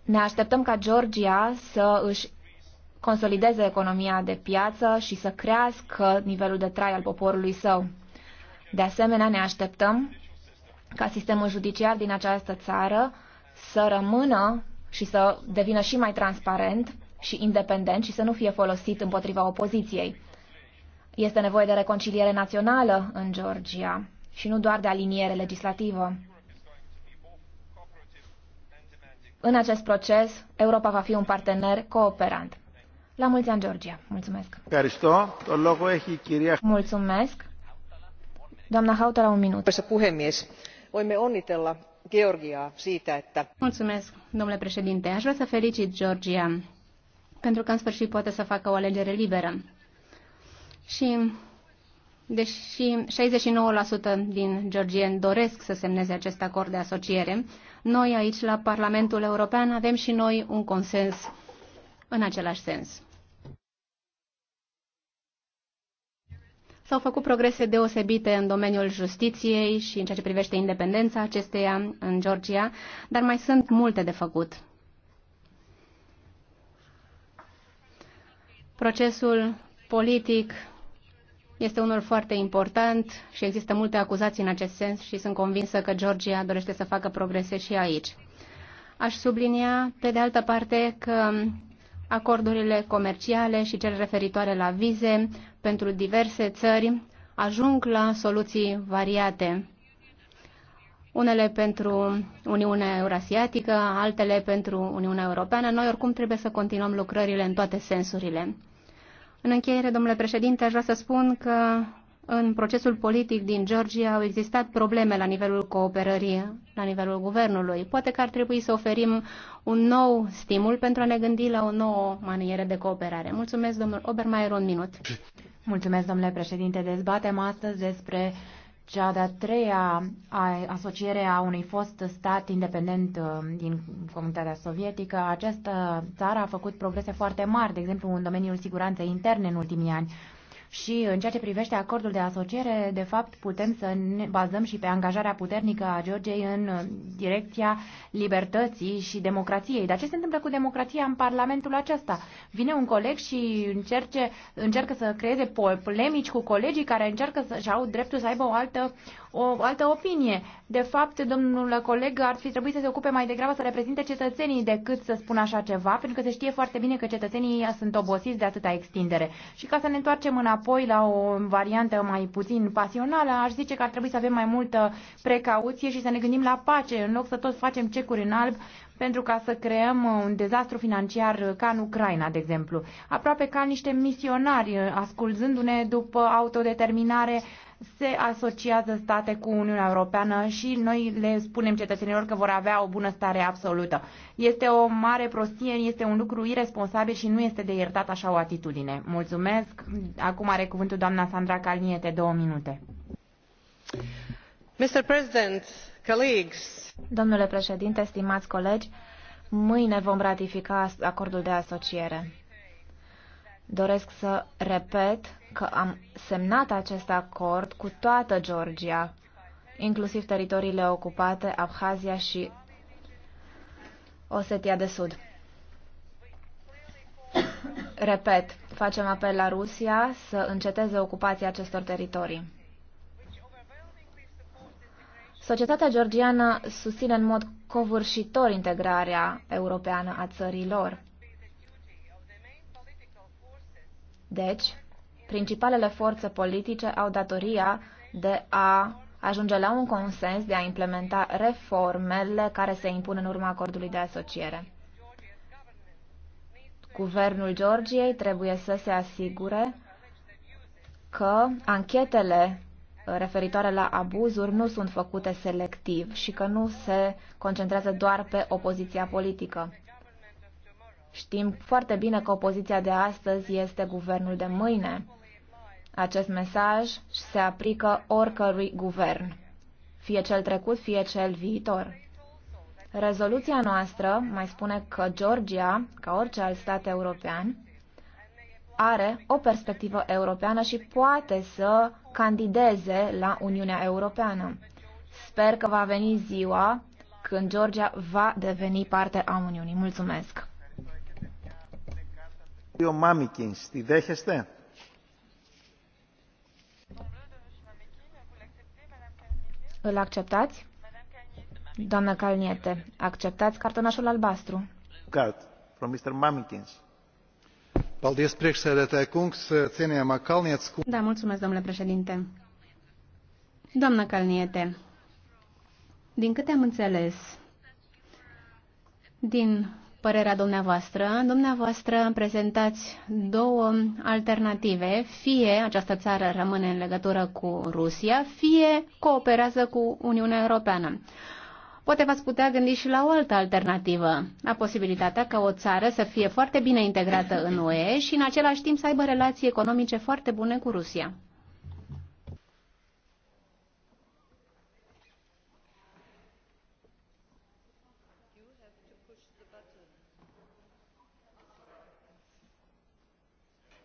Ne așteptăm ca Georgia să își consolideze economia de piață și să crească nivelul de trai al poporului său. De asemenea, ne așteptăm ca sistemul judiciar din această țară să rămână și să devină și mai transparent și independent și să nu fie folosit împotriva opoziției. Este nevoie de reconciliere națională în Georgia și nu doar de aliniere legislativă. În acest proces, Europa va fi un partener cooperant. La mulți ani, Georgia. Mulțumesc. Mulțumesc. Doamna Hautala, un minut. Georgia Mulțumesc, domnule președinte. Aș vrea să felicit Georgia pentru că în sfârșit poate să facă o alegere liberă. Și deși 69% din georgieni doresc să semneze acest acord de asociere, noi aici la Parlamentul European avem și noi un consens în același sens. S-au făcut progrese deosebite în domeniul justiției și în ceea ce privește independența acesteia în Georgia, dar mai sunt multe de făcut. Procesul politic este unul foarte important și există multe acuzații în acest sens și sunt convinsă că Georgia dorește să facă progrese și aici. Aș sublinia, pe de altă parte, că acordurile comerciale și cele referitoare la vize pentru diverse țări ajung la soluții variate. Unele pentru Uniunea Eurasiatică, altele pentru Uniunea Europeană. Noi oricum trebuie să continuăm lucrările în toate sensurile. În încheiere, domnule președinte, aș vrea să spun că în procesul politic din Georgia au existat probleme la nivelul cooperării, la nivelul guvernului. Poate că ar trebui să oferim un nou stimul pentru a ne gândi la o nouă manieră de cooperare. Mulțumesc, domnul Obermeier, un minut. Mulțumesc, domnule președinte. Dezbatem astăzi despre cea de-a treia asociere a unui fost stat independent uh, din comunitatea sovietică. Această țară a făcut progrese foarte mari, de exemplu, în domeniul siguranței interne în ultimii ani. Și în ceea ce privește acordul de asociere, de fapt, putem să ne bazăm și pe angajarea puternică a Georgiei în uh, direcția libertății și democrației. Dar ce se întâmplă cu democrația în Parlamentul acesta? Vine un coleg și încerce, încearcă să creeze polemici cu colegii care încearcă să-și au dreptul să aibă o altă, o altă opinie. De fapt, domnul coleg ar fi trebuit să se ocupe mai degrabă să reprezinte cetățenii decât să spună așa ceva, pentru că se știe foarte bine că cetățenii sunt obosiți de atâta extindere. Și ca să ne întoarcem în înapoi la o variantă mai puțin pasională, aș zice că ar trebui să avem mai multă precauție și să ne gândim la pace, în loc să tot facem cecuri în alb pentru ca să creăm un dezastru financiar ca în Ucraina, de exemplu. Aproape ca niște misionari, ascultându-ne după autodeterminare, se asociază state cu Uniunea Europeană și noi le spunem cetățenilor că vor avea o bunăstare absolută. Este o mare prostie, este un lucru irresponsabil și nu este de iertat așa o atitudine. Mulțumesc. Acum are cuvântul doamna Sandra Calniete, două minute. Mr. President, colleagues. Domnule președinte, stimați colegi, mâine vom ratifica acordul de asociere. Doresc să repet că am semnat acest acord cu toată Georgia, inclusiv teritoriile ocupate, Abhazia și Osetia de Sud. Repet, facem apel la Rusia să înceteze ocupația acestor teritorii. Societatea georgiană susține în mod covârșitor integrarea europeană a țărilor. Deci, principalele forțe politice au datoria de a ajunge la un consens, de a implementa reformele care se impun în urma acordului de asociere. Guvernul Georgiei trebuie să se asigure că anchetele referitoare la abuzuri nu sunt făcute selectiv și că nu se concentrează doar pe opoziția politică. Știm foarte bine că opoziția de astăzi este guvernul de mâine acest mesaj se aplică oricărui guvern, fie cel trecut, fie cel viitor. Rezoluția noastră mai spune că Georgia, ca orice alt stat european, are o perspectivă europeană și poate să candideze la Uniunea Europeană. Sper că va veni ziua când Georgia va deveni parte a Uniunii. Mulțumesc! Mamikins, ti dehește? Îl acceptați? Doamna Calniete, acceptați cartonașul albastru? Card from Mr. Mamikins. Paldies, priekšsēdētāja kungs, cienījamā Kalnietes kungs. Da, mulțumesc, domnule președinte. Doamna Calniete, din câte am înțeles, din părerea dumneavoastră. Dumneavoastră prezentați două alternative. Fie această țară rămâne în legătură cu Rusia, fie cooperează cu Uniunea Europeană. Poate v-ați putea gândi și la o altă alternativă, la posibilitatea ca o țară să fie foarte bine integrată în UE și în același timp să aibă relații economice foarte bune cu Rusia.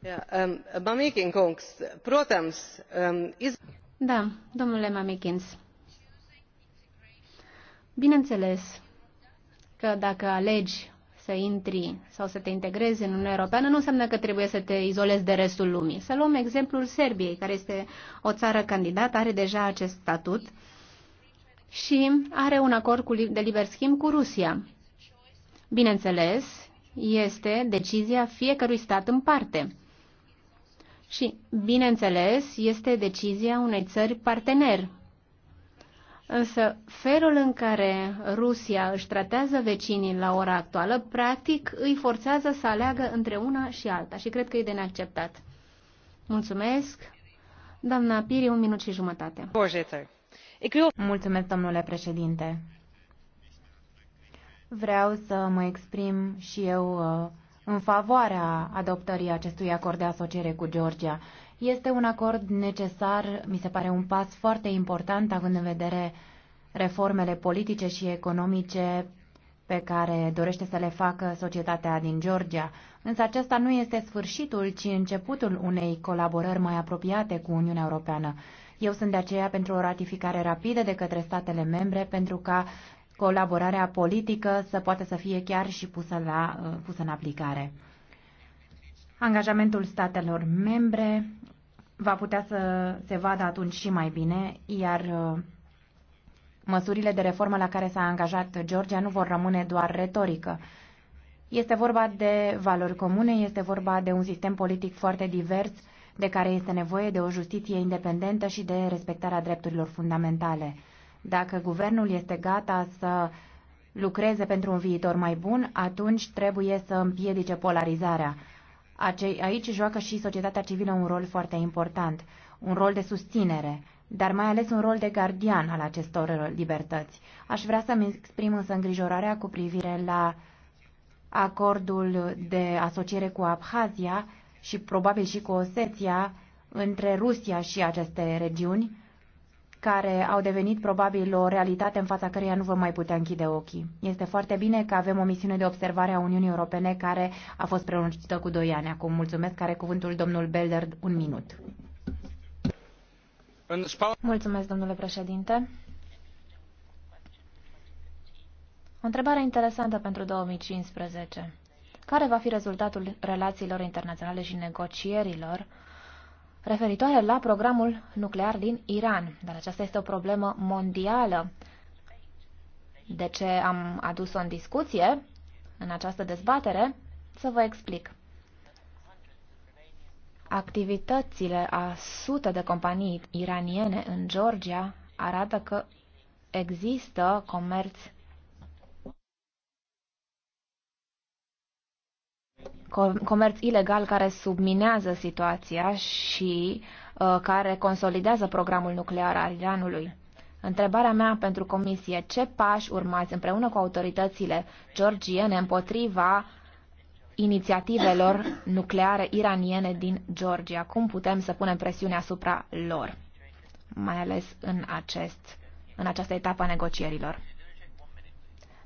Um, um, da, domnule Mamikins, bineînțeles că dacă alegi să intri sau să te integrezi în Uniunea Europeană nu înseamnă că trebuie să te izolezi de restul lumii. Să luăm exemplul Serbiei, care este o țară candidată, are deja acest statut și are un acord de liber schimb cu Rusia. Bineînțeles, este decizia fiecărui stat în parte. Și, bineînțeles, este decizia unei țări partener. Însă, felul în care Rusia își tratează vecinii la ora actuală, practic, îi forțează să aleagă între una și alta și cred că e de neacceptat. Mulțumesc. Doamna Piri, un minut și jumătate. Mulțumesc, domnule președinte. Vreau să mă exprim și eu uh, în favoarea adoptării acestui acord de asociere cu Georgia. Este un acord necesar, mi se pare un pas foarte important, având în vedere reformele politice și economice pe care dorește să le facă societatea din Georgia. Însă acesta nu este sfârșitul, ci începutul unei colaborări mai apropiate cu Uniunea Europeană. Eu sunt de aceea pentru o ratificare rapidă de către statele membre pentru ca colaborarea politică să poată să fie chiar și pusă, la, uh, pusă în aplicare. Angajamentul statelor membre va putea să se vadă atunci și mai bine, iar uh, măsurile de reformă la care s-a angajat Georgia nu vor rămâne doar retorică. Este vorba de valori comune, este vorba de un sistem politic foarte divers, de care este nevoie de o justiție independentă și de respectarea drepturilor fundamentale. Dacă guvernul este gata să lucreze pentru un viitor mai bun, atunci trebuie să împiedice polarizarea. Aici joacă și societatea civilă un rol foarte important, un rol de susținere, dar mai ales un rol de gardian al acestor libertăți. Aș vrea să-mi exprim însă îngrijorarea cu privire la acordul de asociere cu Abhazia și probabil și cu Oseția între Rusia și aceste regiuni, care au devenit probabil o realitate în fața căreia nu vă mai putea închide ochii. Este foarte bine că avem o misiune de observare a Uniunii Europene care a fost prelungită cu doi ani. Acum mulțumesc, care cuvântul domnul Belder, un minut. Mulțumesc, domnule președinte. O întrebare interesantă pentru 2015. Care va fi rezultatul relațiilor internaționale și negocierilor referitoare la programul nuclear din Iran. Dar aceasta este o problemă mondială. De ce am adus-o în discuție în această dezbatere? Să vă explic. Activitățile a sute de companii iraniene în Georgia arată că există comerț comerț ilegal care subminează situația și uh, care consolidează programul nuclear al Iranului. Întrebarea mea pentru Comisie, ce pași urmați împreună cu autoritățile georgiene împotriva inițiativelor nucleare iraniene din Georgia? Cum putem să punem presiune asupra lor, mai ales în, acest, în această etapă a negocierilor?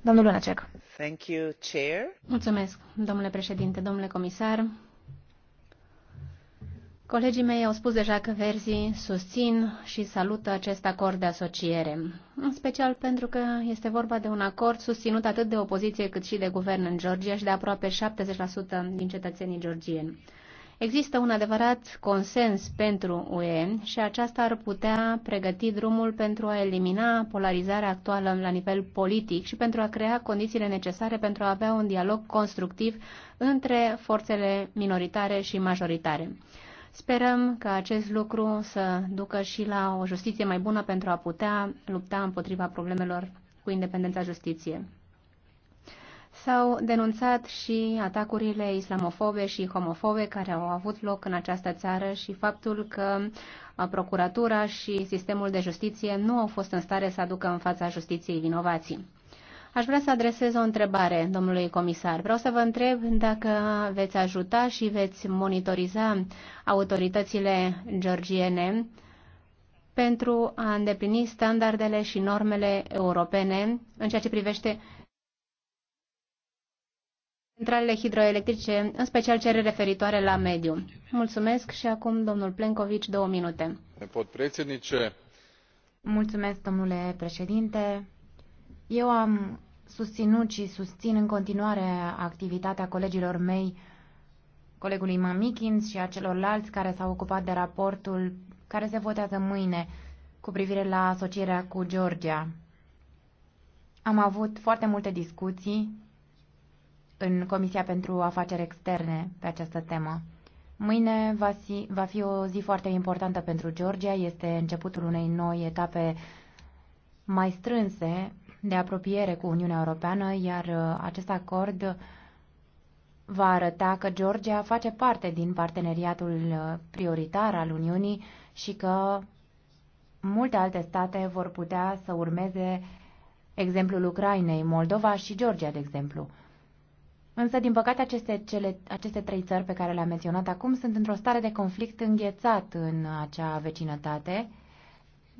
Domnul Lunacek. Thank you, Chair. Mulțumesc, domnule președinte, domnule comisar. Colegii mei au spus deja că verzii susțin și salută acest acord de asociere, în special pentru că este vorba de un acord susținut atât de opoziție cât și de guvern în Georgia și de aproape 70% din cetățenii georgieni. Există un adevărat consens pentru UE și aceasta ar putea pregăti drumul pentru a elimina polarizarea actuală la nivel politic și pentru a crea condițiile necesare pentru a avea un dialog constructiv între forțele minoritare și majoritare. Sperăm că acest lucru să ducă și la o justiție mai bună pentru a putea lupta împotriva problemelor cu independența justiției. S-au denunțat și atacurile islamofobe și homofobe care au avut loc în această țară și faptul că uh, procuratura și sistemul de justiție nu au fost în stare să aducă în fața justiției vinovații. Aș vrea să adresez o întrebare, domnului comisar. Vreau să vă întreb dacă veți ajuta și veți monitoriza autoritățile georgiene pentru a îndeplini standardele și normele europene în ceea ce privește centralele hidroelectrice, în special cele referitoare la mediu. Mulțumesc și acum domnul Plenković două minute. Mulțumesc, domnule președinte. Eu am susținut și susțin în continuare activitatea colegilor mei, colegului Mamikins și a celorlalți care s-au ocupat de raportul care se votează mâine cu privire la asocierea cu Georgia. Am avut foarte multe discuții în Comisia pentru Afaceri Externe pe această temă. Mâine va fi, va fi o zi foarte importantă pentru Georgia. Este începutul unei noi etape mai strânse de apropiere cu Uniunea Europeană, iar uh, acest acord va arăta că Georgia face parte din parteneriatul uh, prioritar al Uniunii și că multe alte state vor putea să urmeze exemplul Ucrainei, Moldova și Georgia, de exemplu. Însă, din păcate, aceste, cele, aceste trei țări pe care le-am menționat acum sunt într-o stare de conflict înghețat în acea vecinătate,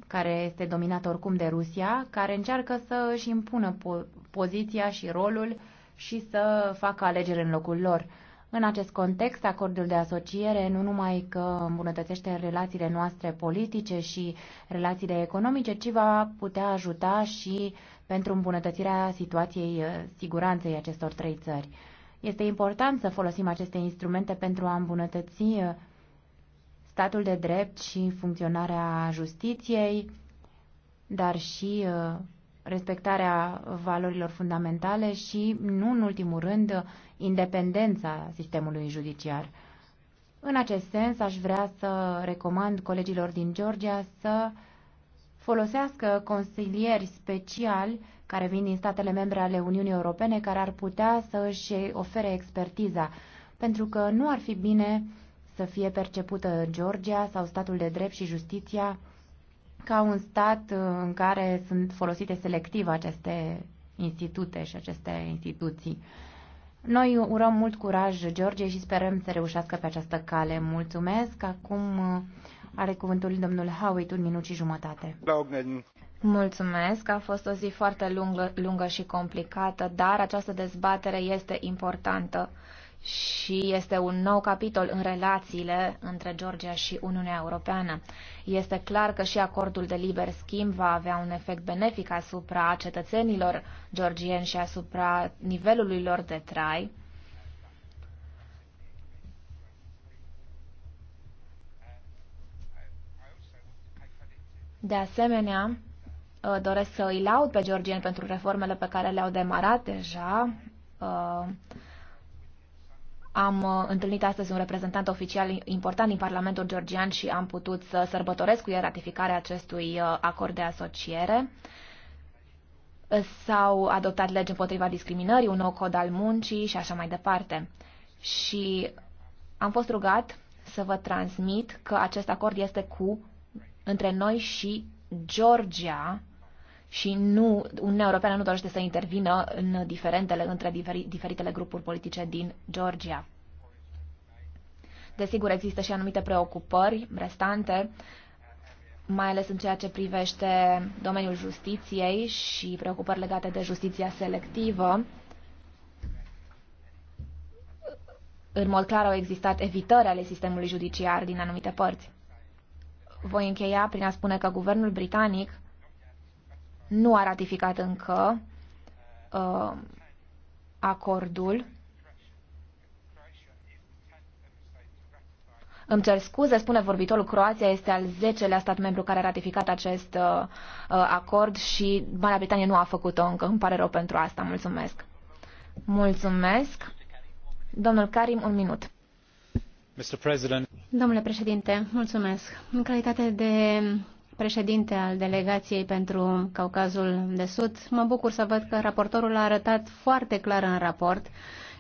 care este dominată oricum de Rusia, care încearcă să își impună po- poziția și rolul și să facă alegeri în locul lor. În acest context, acordul de asociere nu numai că îmbunătățește relațiile noastre politice și relațiile economice, ci va putea ajuta și uh, pentru îmbunătățirea situației uh, siguranței acestor trei țări. Este important să folosim aceste instrumente pentru a îmbunătăți uh, statul de drept și funcționarea justiției, dar și uh, respectarea valorilor fundamentale și, nu în ultimul rând, independența sistemului judiciar. În acest sens, aș vrea să recomand colegilor din Georgia să folosească consilieri speciali care vin din statele membre ale Uniunii Europene, care ar putea să își ofere expertiza, pentru că nu ar fi bine să fie percepută Georgia sau statul de drept și justiția ca un stat uh, în care sunt folosite selectiv aceste institute și aceste instituții. Noi urăm mult curaj George, și sperăm să reușească pe această cale. Mulțumesc! Acum uh, are cuvântul domnul Howitt, un minut și jumătate. Mulțumesc, a fost o zi foarte lungă, lungă și complicată, dar această dezbatere este importantă și este un nou capitol în relațiile între Georgia și Uniunea Europeană. Este clar că și acordul de liber schimb va avea un efect benefic asupra cetățenilor georgieni și asupra nivelului lor de trai De asemenea, uh, doresc să îi laud pe georgieni pentru reformele pe care le-au demarat deja. Uh, am uh, întâlnit astăzi un reprezentant oficial important din Parlamentul Georgian și am putut să sărbătoresc cu el ratificarea acestui acord de asociere. S-au adoptat legi împotriva discriminării, un nou cod al muncii și așa mai departe. Și am fost rugat să vă transmit că acest acord este cu între noi și Georgia și nu, Uniunea Europeană nu dorește să intervină în diferentele, între diferi, diferitele grupuri politice din Georgia. Desigur, există și anumite preocupări restante, mai ales în ceea ce privește domeniul justiției și preocupări legate de justiția selectivă. În mod clar au existat evitări ale sistemului judiciar din anumite părți voi încheia prin a spune că guvernul britanic nu a ratificat încă uh, acordul. Îmi cer scuze, spune vorbitorul, Croația este al 10-lea stat membru care a ratificat acest uh, uh, acord și Marea Britanie nu a făcut-o încă. Îmi pare rău pentru asta. Mulțumesc. Mulțumesc. Domnul Karim, un minut. Domnule președinte, mulțumesc. În calitate de președinte al delegației pentru Caucazul de Sud, mă bucur să văd că raportorul a arătat foarte clar în raport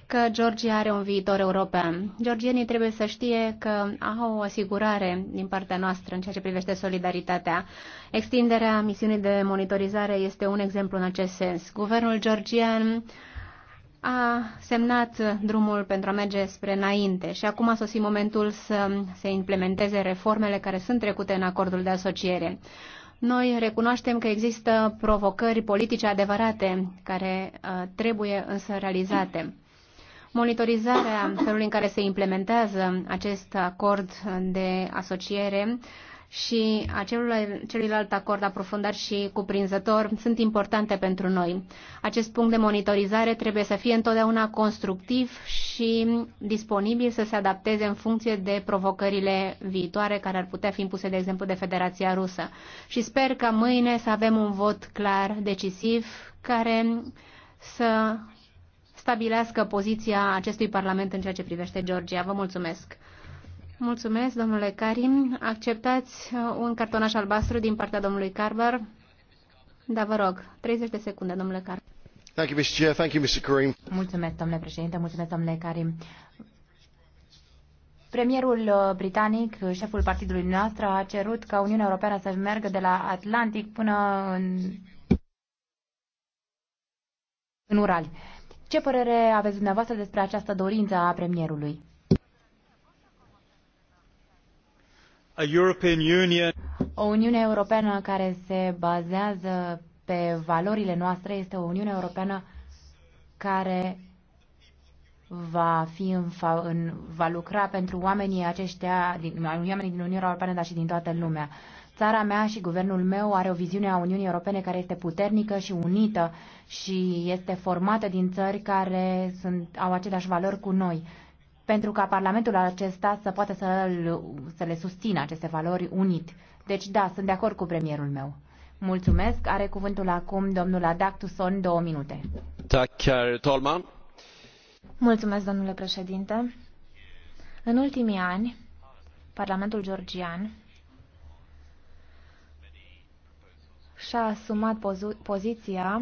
că Georgia are un viitor european. Georgienii trebuie să știe că au o asigurare din partea noastră în ceea ce privește solidaritatea. Extinderea misiunii de monitorizare este un exemplu în acest sens. Guvernul georgian a semnat drumul pentru a merge spre înainte și acum a sosit momentul să se implementeze reformele care sunt trecute în acordul de asociere. Noi recunoaștem că există provocări politice adevărate care uh, trebuie însă realizate. Monitorizarea felului în care se implementează acest acord de asociere și a celuilalt acord aprofundat și cuprinzător sunt importante pentru noi. Acest punct de monitorizare trebuie să fie întotdeauna constructiv și disponibil să se adapteze în funcție de provocările viitoare care ar putea fi impuse, de exemplu, de Federația Rusă. Și sper ca mâine să avem un vot clar, decisiv, care să stabilească poziția acestui Parlament în ceea ce privește Georgia. Vă mulțumesc! Mulțumesc, domnule Karim. Acceptați uh, un cartonaș albastru din partea domnului Carver? Da, vă rog. 30 de secunde, domnule Carver. Thank you, Mr. Chair. Thank you, Mr. Karim. Mulțumesc, domnule președinte. Mulțumesc, domnule Karim. Premierul uh, britanic, șeful partidului noastră, a cerut ca Uniunea Europeană să meargă de la Atlantic până în, în Ural. Ce părere aveți dumneavoastră despre această dorință a premierului? O Uniune Europeană care se bazează pe valorile noastre este o Uniune Europeană care va fi în, fa, în va lucra pentru oamenii aceștia, din, oamenii din Uniunea Europeană, dar și din toată lumea. Țara mea și guvernul meu are o viziune a Uniunii Europene care este puternică și unită și este formată din țări care sunt, au aceleași valori cu noi pentru ca Parlamentul acesta să poată să, să le susțină aceste valori unit. Deci da, sunt de acord cu premierul meu. Mulțumesc. Are cuvântul acum domnul Adactuson, două minute. Tak, herr talman. Mulțumesc, domnule președinte. În ultimii ani, Parlamentul georgian și-a asumat pozi- poziția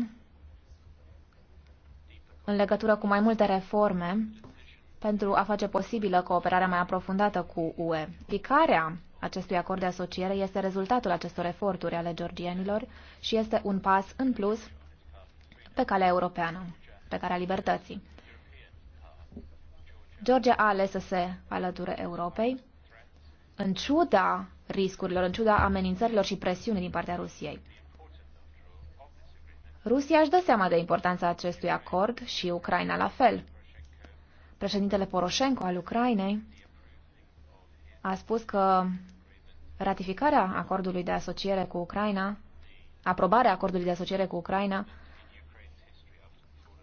în legătură cu mai multe reforme pentru a face posibilă cooperarea mai aprofundată cu UE. Picarea acestui acord de asociere este rezultatul acestor eforturi ale georgienilor și este un pas în plus pe calea europeană, pe calea libertății. Georgia a ales să se alăture Europei, în ciuda riscurilor, în ciuda amenințărilor și presiunii din partea Rusiei. Rusia își dă seama de importanța acestui acord și Ucraina la fel. Președintele Poroșenko al Ucrainei a spus că ratificarea acordului de asociere cu Ucraina, aprobarea acordului de asociere cu Ucraina,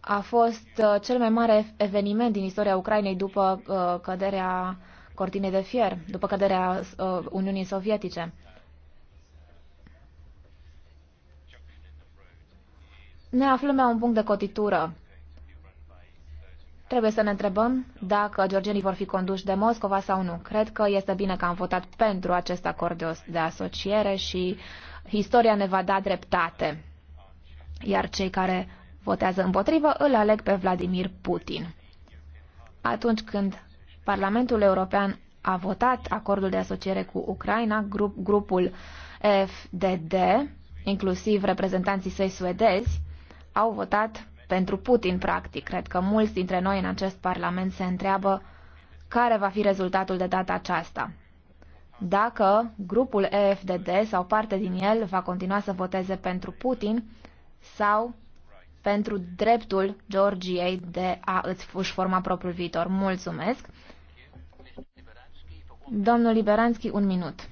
a fost uh, cel mai mare eveniment din istoria Ucrainei după uh, căderea cortinei de fier, după căderea uh, Uniunii Sovietice. Ne aflăm la un punct de cotitură. Trebuie să ne întrebăm dacă georgienii vor fi conduși de Moscova sau nu. Cred că este bine că am votat pentru acest acord de asociere și istoria ne va da dreptate. Iar cei care votează împotrivă îl aleg pe Vladimir Putin. Atunci când Parlamentul European a votat acordul de asociere cu Ucraina, grup, grupul FDD, inclusiv reprezentanții săi suedezi, au votat pentru Putin, practic. Cred că mulți dintre noi în acest Parlament se întreabă care va fi rezultatul de data aceasta. Dacă grupul EFDD sau parte din el va continua să voteze pentru Putin sau pentru dreptul Georgiei de a își forma propriul viitor. Mulțumesc! Domnul Liberanski, un minut.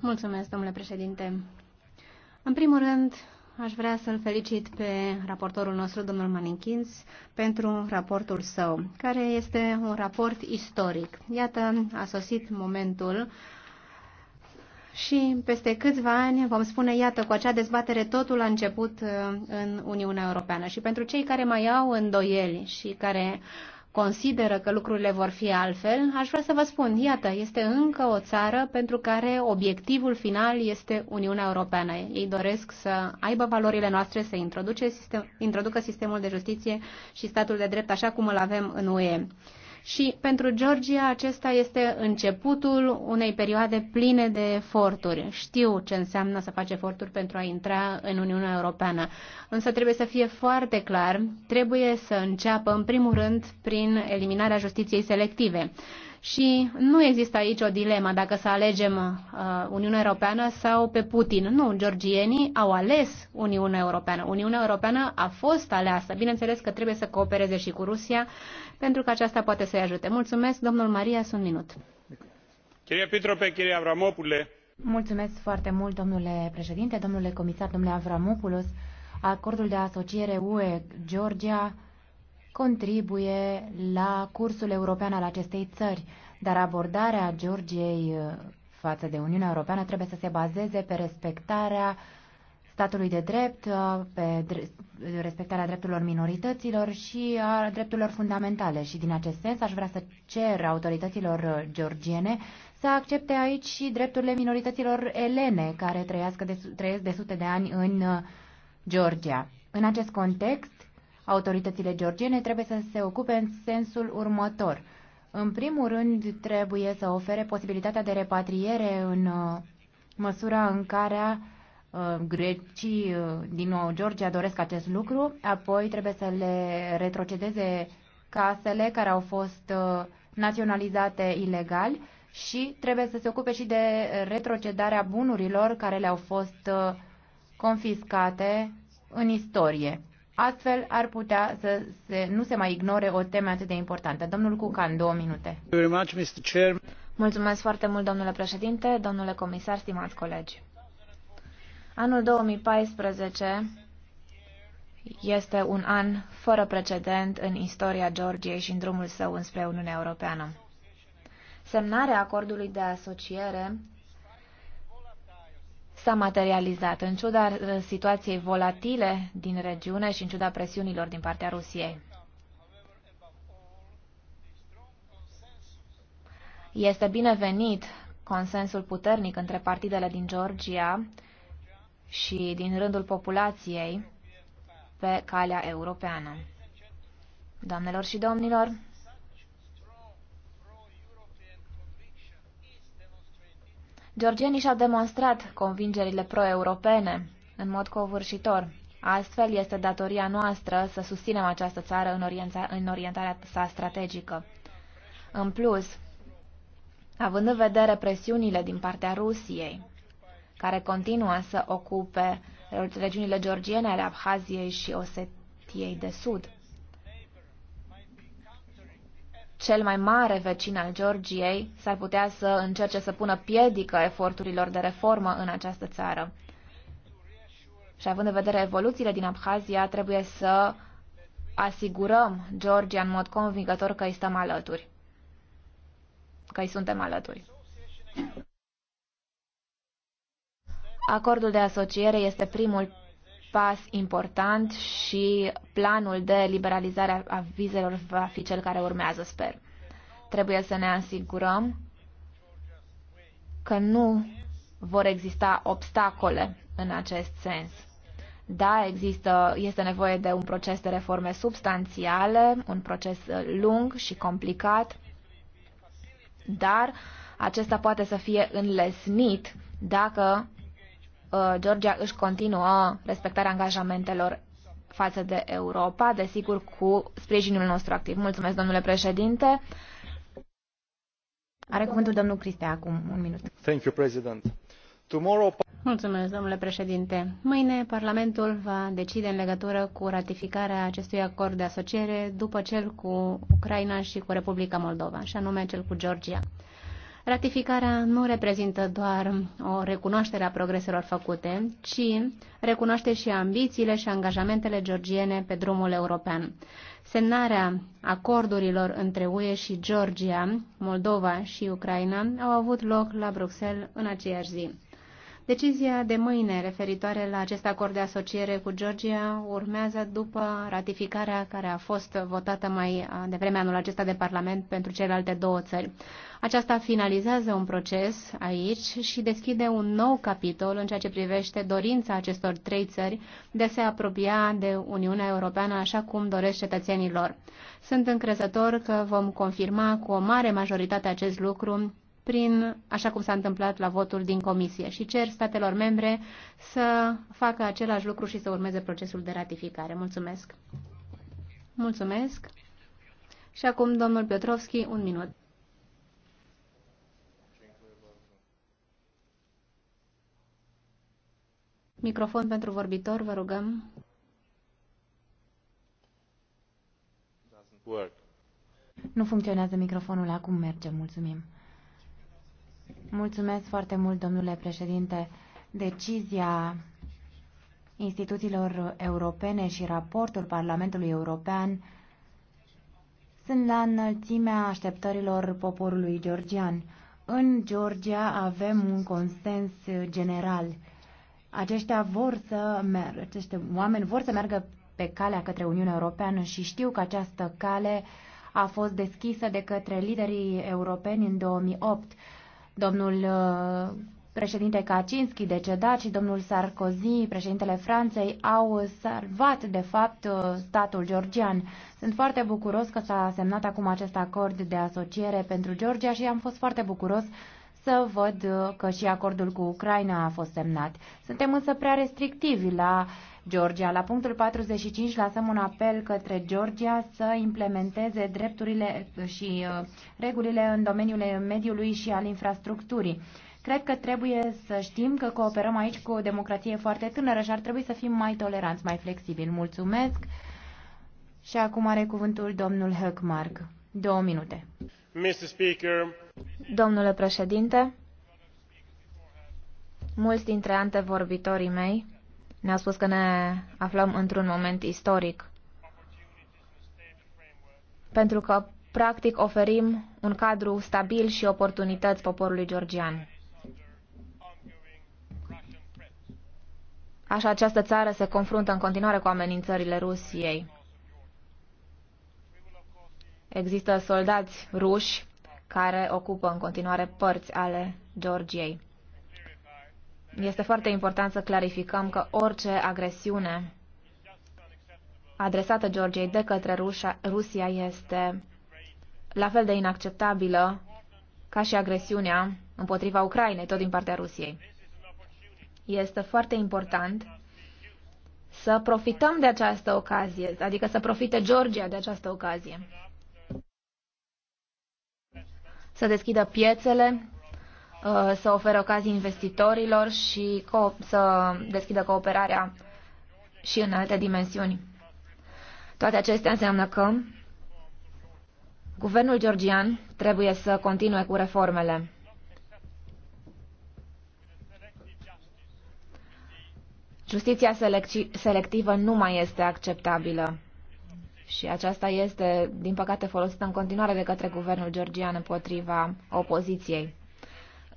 Mulțumesc, domnule președinte. În primul rând, Aș vrea să-l felicit pe raportorul nostru, domnul Maninchins, pentru raportul său, care este un raport istoric. Iată, a sosit momentul și peste câțiva ani vom spune, iată, cu acea dezbatere totul a început uh, în Uniunea Europeană. Și pentru cei care mai au îndoieli și care uh, consideră că lucrurile vor fi altfel, aș vrea să vă spun, iată, este încă o țară pentru care obiectivul final este Uniunea Europeană. Ei doresc să aibă valorile noastre, să introduce sistem, introducă sistemul de justiție și statul de drept așa cum îl avem în UE. Și pentru Georgia acesta este începutul unei perioade pline de eforturi. Știu ce înseamnă să faci eforturi pentru a intra în Uniunea Europeană, însă trebuie să fie foarte clar, trebuie să înceapă în primul rând prin eliminarea justiției selective. Și nu există aici o dilemă dacă să alegem uh, Uniunea Europeană sau pe Putin. Nu, georgienii au ales Uniunea Europeană. Uniunea Europeană a fost aleasă. Bineînțeles că trebuie să coopereze și cu Rusia pentru că aceasta poate să-i ajute. Mulțumesc, domnul Maria, un minut. Mulțumesc foarte mult, domnule președinte, domnule comisar, domnule Avramopoulos. Acordul de asociere UE-Georgia contribuie la cursul european al acestei țări, dar abordarea Georgiei uh, față de Uniunea Europeană trebuie să se bazeze pe respectarea uh, statului de drept, uh, pe respectarea drepturilor minorităților și a drepturilor fundamentale. Și din acest sens aș vrea să cer autorităților georgiene să accepte aici și drepturile minorităților elene care de, trăiesc de sute de ani în uh, Georgia. În acest context, autoritățile georgiene trebuie să se ocupe în sensul următor. În primul rând, trebuie să ofere posibilitatea de repatriere în uh, măsura în care Uh, grecii uh, din nou Georgia doresc acest lucru, apoi trebuie să le retrocedeze casele care au fost uh, naționalizate ilegal și trebuie să se ocupe și de retrocedarea bunurilor care le-au fost confiscate în istorie. Astfel ar putea să se, nu se mai ignore o temă atât de importantă. Domnul Cucan, două minute. Mulțumesc foarte mult, domnule președinte, domnule comisar, stimați colegi. Anul 2014 este un an fără precedent în istoria Georgiei și în drumul său înspre Uniunea Europeană. Semnarea acordului de asociere s-a materializat în ciuda situației volatile din regiune și în ciuda presiunilor din partea Rusiei. Este binevenit consensul puternic între partidele din Georgia și din rândul populației pe calea europeană. Doamnelor și domnilor, Georgienii și-au demonstrat convingerile pro-europene în mod covârșitor. Astfel, este datoria noastră să susținem această țară în, orienta, în orientarea sa strategică. În plus, având în vedere presiunile din partea Rusiei, care continuă să ocupe regiunile georgiene ale Abhaziei și Osetiei de Sud. Cel mai mare vecin al Georgiei s-ar putea să încerce să pună piedică eforturilor de reformă în această țară. Și având în vedere evoluțiile din Abhazia, trebuie să asigurăm Georgia în mod convingător că îi stăm alături. Că îi suntem alături. Acordul de asociere este primul pas important și planul de liberalizare a vizelor va fi cel care urmează, sper. Trebuie să ne asigurăm că nu vor exista obstacole în acest sens. Da, există, este nevoie de un proces de reforme substanțiale, un proces uh, lung și complicat, dar acesta poate să fie înlesnit dacă Uh, Georgia își continuă respectarea angajamentelor față de Europa, desigur cu sprijinul nostru activ. Mulțumesc, domnule președinte. Are cuvântul domnul Criste acum un minut. Thank you, President. Tomorrow... Mulțumesc, domnule președinte. Mâine Parlamentul va decide în legătură cu ratificarea acestui acord de asociere după cel cu Ucraina și cu Republica Moldova, și anume cel cu Georgia. Ratificarea nu reprezintă doar o recunoaștere a progreselor făcute, ci recunoaște și ambițiile și angajamentele georgiene pe drumul european. Semnarea acordurilor între UE și Georgia, Moldova și Ucraina au avut loc la Bruxelles în aceeași zi. Decizia de mâine referitoare la acest acord de asociere cu Georgia urmează după ratificarea care a fost votată mai devreme anul acesta de Parlament pentru celelalte două țări. Aceasta finalizează un proces aici și deschide un nou capitol în ceea ce privește dorința acestor trei țări de a se apropia de Uniunea Europeană așa cum doresc cetățenilor. Sunt încrezător că vom confirma cu o mare majoritate acest lucru prin, așa cum s-a întâmplat la votul din comisie și cer statelor membre să facă același lucru și să urmeze procesul de ratificare. Mulțumesc! Mulțumesc! Și acum domnul Piotrovski, un minut. Microfon pentru vorbitor, vă rugăm. Nu funcționează microfonul, acum merge, mulțumim. Mulțumesc foarte mult, domnule președinte. Decizia instituțiilor europene și raportul Parlamentului European sunt la înălțimea așteptărilor poporului georgian. În Georgia avem un consens general. Aceștia vor să meargă, acești oameni vor să meargă pe calea către Uniunea Europeană și știu că această cale a fost deschisă de către liderii europeni în 2008 domnul uh, președinte Kaczynski decedat și domnul Sarkozy, președintele Franței, au salvat, de fapt, uh, statul georgian. Sunt foarte bucuros că s-a semnat acum acest acord de asociere pentru Georgia și am fost foarte bucuros să văd uh, că și acordul cu Ucraina a fost semnat. Suntem însă prea restrictivi la uh, Georgia. La punctul 45 lăsăm un apel către Georgia să implementeze drepturile și uh, regulile în domeniul mediului și al infrastructurii. Cred că trebuie să știm că cooperăm aici cu o democrație foarte tânără și ar trebui să fim mai toleranți, mai flexibili. Mulțumesc! Și acum are cuvântul domnul Höckmark. Două minute. Domnule președinte, mulți dintre antevorbitorii mei ne-a spus că ne aflăm într-un moment istoric, pentru că, practic, oferim un cadru stabil și oportunități poporului georgian. Așa, această țară se confruntă în continuare cu amenințările Rusiei. Există soldați ruși care ocupă în continuare părți ale Georgiei. Este foarte important să clarificăm că orice agresiune adresată Georgiei de către Rusia, Rusia este la fel de inacceptabilă ca și agresiunea împotriva Ucrainei, tot din partea Rusiei. Este foarte important să profităm de această ocazie, adică să profite Georgia de această ocazie. Să deschidă piețele Uh, să ofere ocazii investitorilor și să deschidă cooperarea și în alte dimensiuni. Toate acestea înseamnă că guvernul georgian trebuie să continue cu reformele. Justiția selectivă nu mai este acceptabilă și aceasta este, din păcate, folosită în continuare de către guvernul georgian împotriva opoziției.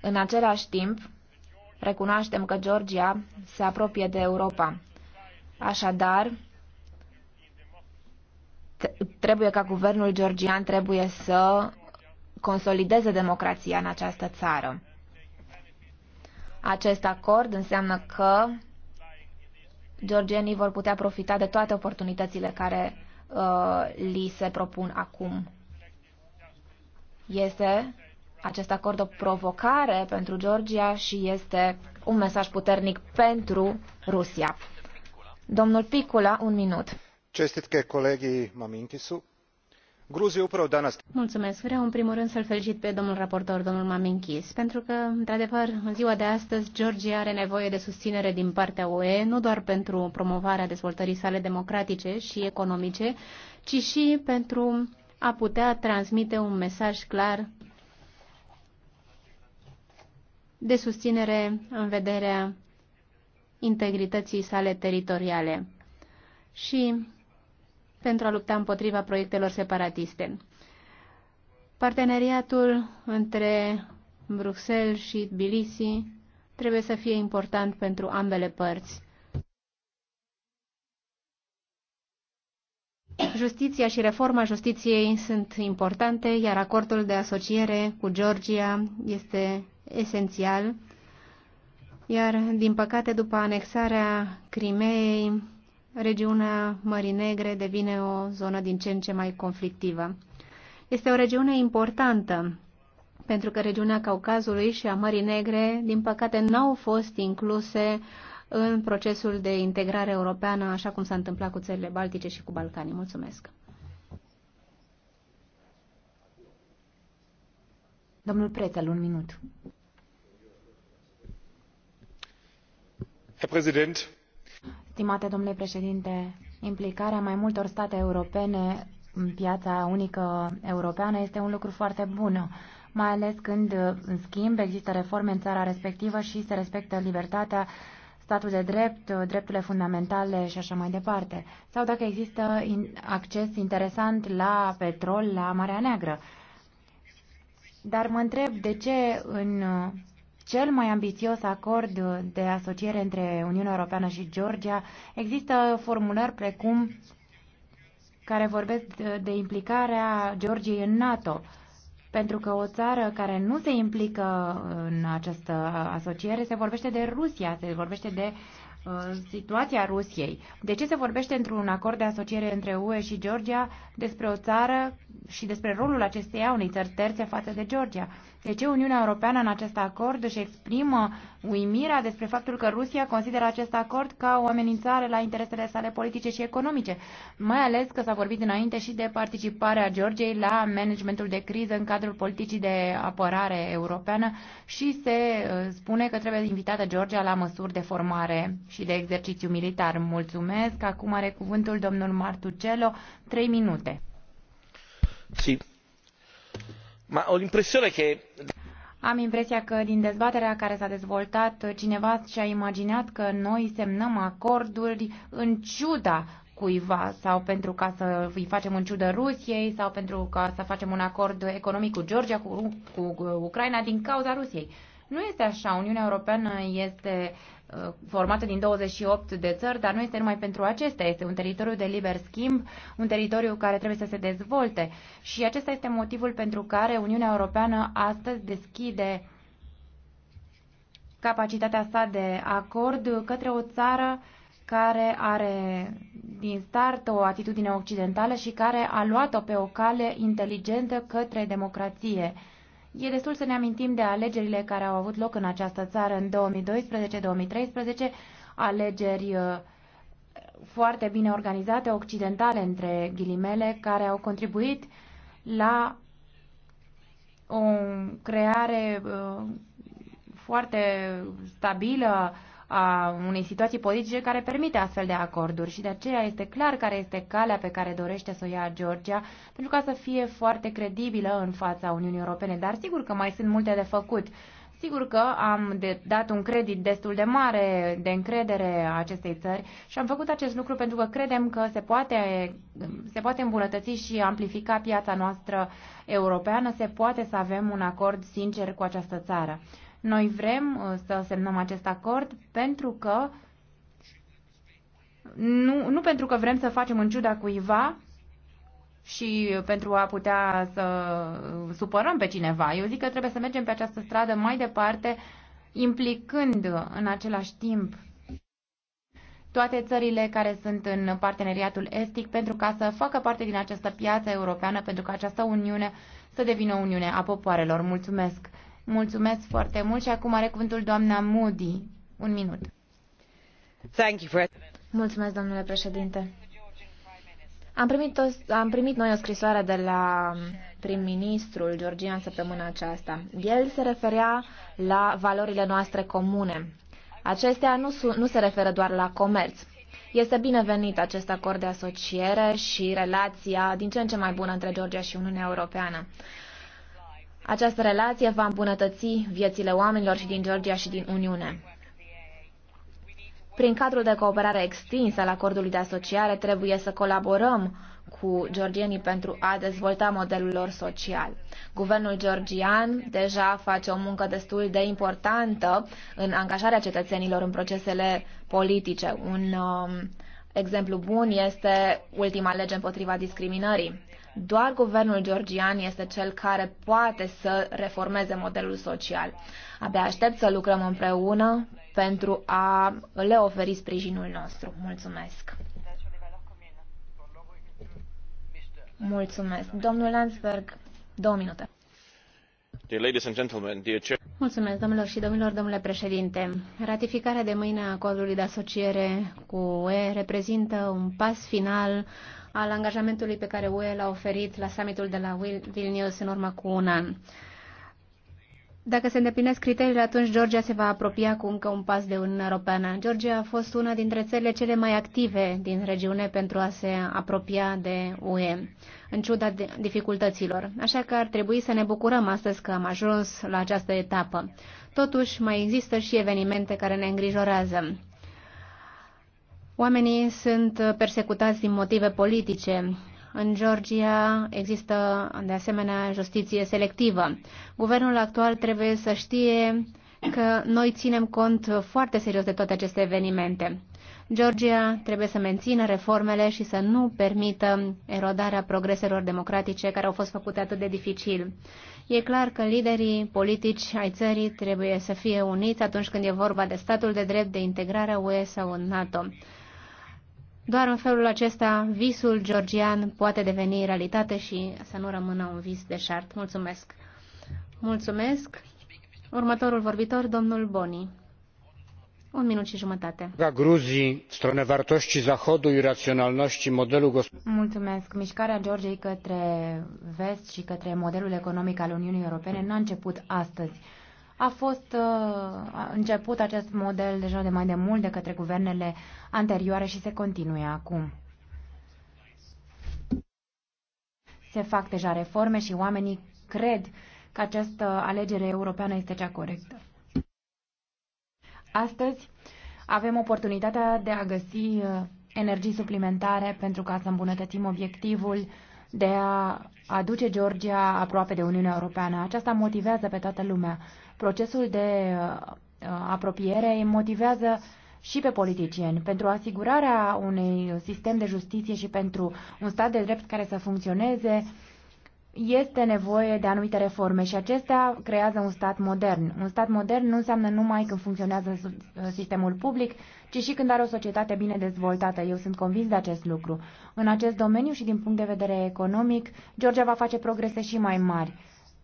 În același timp, recunoaștem că Georgia se apropie de Europa. Așadar, trebuie ca guvernul georgian trebuie să consolideze democrația în această țară. Acest acord înseamnă că georgienii vor putea profita de toate oportunitățile care uh, li se propun acum. Este acest acord o provocare pentru Georgia și este un mesaj puternic pentru Rusia. Domnul Picula, un minut. Cestitke colegii Mamintisu. Gruzia upravo danas... Mulțumesc. Vreau în primul rând să-l felicit pe domnul raportor, domnul Maminkis, pentru că, într-adevăr, în ziua de astăzi, Georgia are nevoie de susținere din partea UE, nu doar pentru promovarea dezvoltării sale democratice și economice, ci și pentru a putea transmite un mesaj clar de susținere în vederea integrității sale teritoriale și pentru a lupta împotriva proiectelor separatiste. Parteneriatul între Bruxelles și Tbilisi trebuie să fie important pentru ambele părți. Justiția și reforma justiției sunt importante, iar acordul de asociere cu Georgia este esențial, iar, din păcate, după anexarea Crimeei, regiunea Mării Negre devine o zonă din ce în ce mai conflictivă. Este o regiune importantă, pentru că regiunea Caucazului și a Mării Negre, din păcate, n-au fost incluse în procesul de integrare europeană, așa cum s-a întâmplat cu țările Baltice și cu Balcanii. Mulțumesc! Domnul Pretel, un minut. Stimate domnule președinte, implicarea mai multor state europene în piața unică europeană este un lucru foarte bun, mai ales când, în schimb, există reforme în țara respectivă și se respectă libertatea statul de drept, drepturile fundamentale și așa mai departe. Sau dacă există acces interesant la petrol la Marea Neagră dar mă întreb de ce în uh, cel mai ambițios acord de asociere între Uniunea Europeană și Georgia există formulări precum care vorbesc de implicarea Georgiei în NATO, pentru că o țară care nu se implică în această asociere se vorbește de Rusia, se vorbește de uh, Uh, situația Rusiei. De ce se vorbește într-un acord de asociere între UE și Georgia despre o țară și despre rolul acesteia unei țări terțe față de Georgia? De deci ce Uniunea Europeană în acest acord își exprimă uimirea despre faptul că Rusia consideră acest acord ca o amenințare la interesele sale politice și economice, mai ales că s-a vorbit înainte și de participarea Georgiei la managementul de criză în cadrul politicii de apărare europeană și se uh, spune că trebuie invitată Georgia la măsuri de formare și de exercițiu militar. Mulțumesc. Acum are cuvântul domnul Martucello. Trei minute. Sí ho l'impressione che... Am impresia că din dezbaterea care s-a dezvoltat, cineva și-a imaginat că noi semnăm acorduri în ciuda cuiva sau pentru ca să îi facem în ciudă Rusiei sau pentru ca să facem un acord economic cu Georgia, cu, cu, cu Ucraina din cauza Rusiei. Nu este așa. Uniunea Europeană este Uh, formată din 28 de țări, dar nu este numai pentru acestea. Este un teritoriu de liber schimb, un teritoriu care trebuie să se dezvolte. Și acesta este motivul pentru care Uniunea Europeană astăzi deschide capacitatea sa de acord către o țară care are din start o atitudine occidentală și care a luat-o pe o cale inteligentă către democrație. E destul să ne amintim de alegerile care au avut loc în această țară în 2012-2013, alegeri uh, foarte bine organizate, occidentale, între ghilimele, care au contribuit la o creare uh, foarte stabilă a unei situații politice care permite astfel de acorduri și de aceea este clar care este calea pe care dorește să o ia Georgia pentru ca să fie foarte credibilă în fața Uniunii Europene, dar sigur că mai sunt multe de făcut. Sigur că am de dat un credit destul de mare de încredere a acestei țări și am făcut acest lucru pentru că credem că se poate, se poate îmbunătăți și amplifica piața noastră europeană, se poate să avem un acord sincer cu această țară. Noi vrem uh, să semnăm acest acord pentru că nu, nu pentru că vrem să facem în ciuda cuiva și pentru a putea să supărăm pe cineva. Eu zic că trebuie să mergem pe această stradă mai departe, implicând în același timp toate țările care sunt în parteneriatul estic pentru ca să facă parte din această piață europeană, pentru ca această uniune să devină uniune a popoarelor. Mulțumesc! Mulțumesc foarte mult și acum are cuvântul doamna Moody. Un minut. Thank you, Mulțumesc, domnule președinte. Am primit, o, am primit noi o scrisoare de la prim-ministrul Georgian săptămâna aceasta. El se referea la valorile noastre comune. Acestea nu, su, nu se referă doar la comerț. Este binevenit acest acord de asociere și relația din ce în ce mai bună între Georgia și Uniunea Europeană. Această relație va îmbunătăți viețile oamenilor și din Georgia și din Uniune. Prin cadrul de cooperare extinsă al acordului de asociare, trebuie să colaborăm cu georgienii pentru a dezvolta modelul lor social. Guvernul georgian deja face o muncă destul de importantă în angajarea cetățenilor în procesele politice. Un um, exemplu bun este ultima lege împotriva discriminării. Doar guvernul georgian este cel care poate să reformeze modelul social. Abia aștept să lucrăm împreună pentru a le oferi sprijinul nostru. Mulțumesc! Mulțumesc. Domnul Landsberg, două minute. Mulțumesc, domnilor și domnilor, domnule președinte. Ratificarea de mâine a acordului de asociere cu UE reprezintă un pas final al angajamentului pe care UE l-a oferit la summitul de la Vilnius în urmă cu un an. Dacă se îndeplinesc criteriile, atunci Georgia se va apropia cu încă un pas de Uniunea Europeană. Georgia a fost una dintre țările cele mai active din regiune pentru a se apropia de UE, în ciuda dificultăților. Așa că ar trebui să ne bucurăm astăzi că am ajuns la această etapă. Totuși, mai există și evenimente care ne îngrijorează. Oamenii sunt persecutați din motive politice. În Georgia există, de asemenea, justiție selectivă. Guvernul actual trebuie să știe că noi ținem cont foarte serios de toate aceste evenimente. Georgia trebuie să mențină reformele și să nu permită erodarea progreselor democratice care au fost făcute atât de dificil. E clar că liderii politici ai țării trebuie să fie uniți atunci când e vorba de statul de drept, de integrarea UE sau în NATO. Doar în felul acesta visul georgian poate deveni realitate și să nu rămână un vis deșart. Mulțumesc! Mulțumesc! Următorul vorbitor, domnul Boni. Un minut și jumătate. Gruzii, w stronę Zahodul, Zachodu modelul. Mulțumesc. Mișcarea Georgiei către vest și către modelul economic al Uniunii Europene n-a început astăzi. A fost uh, început acest model deja de mai de mult de către guvernele anterioare și se continuă acum. Se fac deja reforme și oamenii cred că această alegere europeană este cea corectă. Astăzi avem oportunitatea de a găsi uh, energii suplimentare pentru ca să îmbunătățim obiectivul de a aduce Georgia aproape de Uniunea Europeană. Aceasta motivează pe toată lumea. Procesul de uh, uh, apropiere îi motivează și pe politicieni. Pentru asigurarea unui sistem de justiție și pentru un stat de drept care să funcționeze, este nevoie de anumite reforme și acestea creează un stat modern. Un stat modern nu înseamnă numai când funcționează uh, sistemul public, ci și când are o societate bine dezvoltată. Eu sunt convins de acest lucru. În acest domeniu și din punct de vedere economic, Georgia va face progrese și mai mari.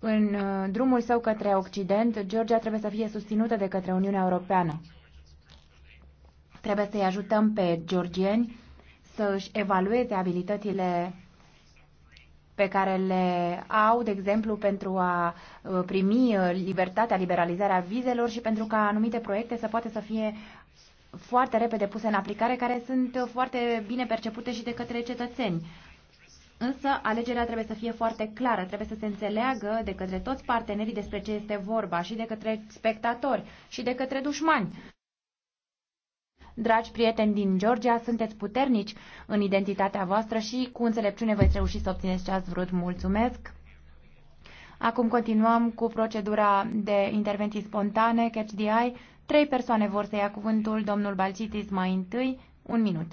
În uh, drumul său către Occident, Georgia trebuie să fie susținută de către Uniunea Europeană. Trebuie să-i ajutăm pe georgieni să își evalueze abilitățile pe care le au, de exemplu, pentru a uh, primi uh, libertatea, liberalizarea vizelor și pentru ca anumite proiecte să poată să fie foarte repede puse în aplicare, care sunt foarte bine percepute și de către cetățeni. Însă alegerea trebuie să fie foarte clară, trebuie să se înțeleagă de către toți partenerii despre ce este vorba și de către spectatori și de către dușmani. Dragi prieteni din Georgia, sunteți puternici în identitatea voastră și cu înțelepciune veți reuși să obțineți ce ați vrut. Mulțumesc! Acum continuăm cu procedura de intervenții spontane, catch the eye. Trei persoane vor să ia cuvântul, domnul Balcitis mai întâi. Un minut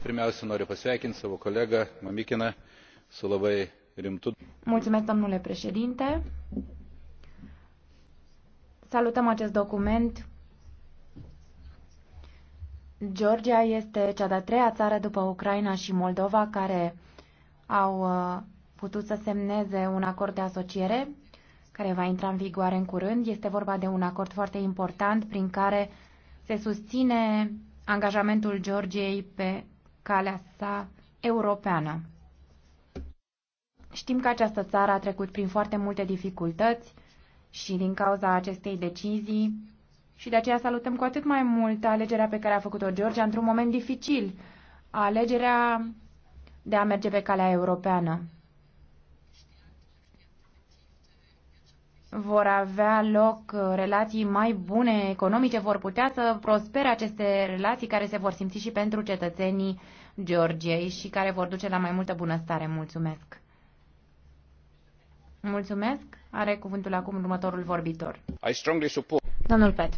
pirmiausia noriu pasveikinti savo kolegą mamikiną su labai rimtu. domnule președinte salutăm acest document. Georgia este cea de-a treia țară după Ucraina și Moldova care au uh, putut să semneze un acord de asociere care va intra în vigoare în curând. Este vorba de un acord foarte important prin care se susține angajamentul Georgiei pe calea sa europeană. Știm că această țară a trecut prin foarte multe dificultăți și din cauza acestei decizii și de aceea salutăm cu atât mai mult alegerea pe care a făcut-o Georgia într-un moment dificil, alegerea de a merge pe calea europeană. vor avea loc uh, relații mai bune economice, vor putea să prospere aceste relații care se vor simți și pentru cetățenii Georgiei și care vor duce la mai multă bunăstare. Mulțumesc! Mulțumesc! Are cuvântul acum următorul vorbitor. Domnul Pet.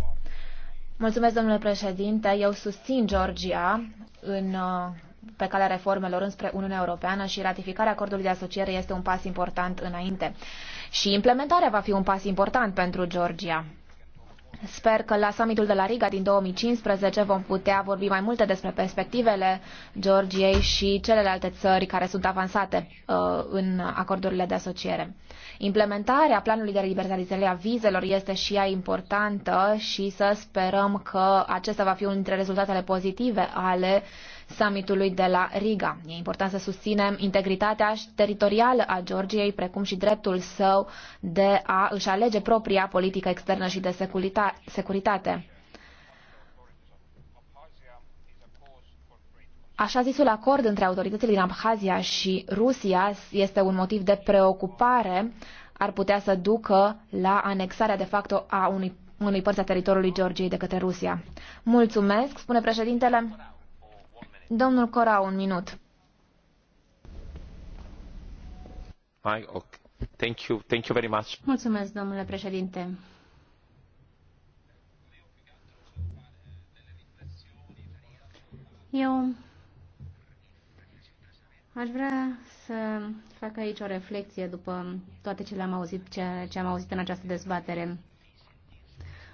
Mulțumesc, domnule președinte. Eu susțin Georgia în uh, pe calea reformelor înspre Uniunea Europeană și ratificarea acordului de asociere este un pas important înainte și implementarea va fi un pas important pentru Georgia. Sper că la summitul de la Riga din 2015 vom putea vorbi mai multe despre perspectivele Georgiei și celelalte țări care sunt avansate uh, în acordurile de asociere. Implementarea planului de liberalizare a vizelor este și ea importantă și să sperăm că acesta va fi unul dintre rezultatele pozitive ale uh, summitului de la Riga. E important să susținem integritatea teritorială a Georgiei, precum și dreptul său de a își alege propria politică externă și de securitate. Așa zisul acord între autoritățile din Abhazia și Rusia este un motiv de preocupare, ar putea să ducă la anexarea de facto a unui, unui părți a teritoriului Georgiei de către Rusia. Mulțumesc, spune președintele. Domnul Cora, un minut. Mai, ok. Thank you, thank you very much. Mulțumesc, domnule președinte. Eu aș vrea să fac aici o reflexie după toate ce le-am auzit, ce, ce am auzit în această dezbatere.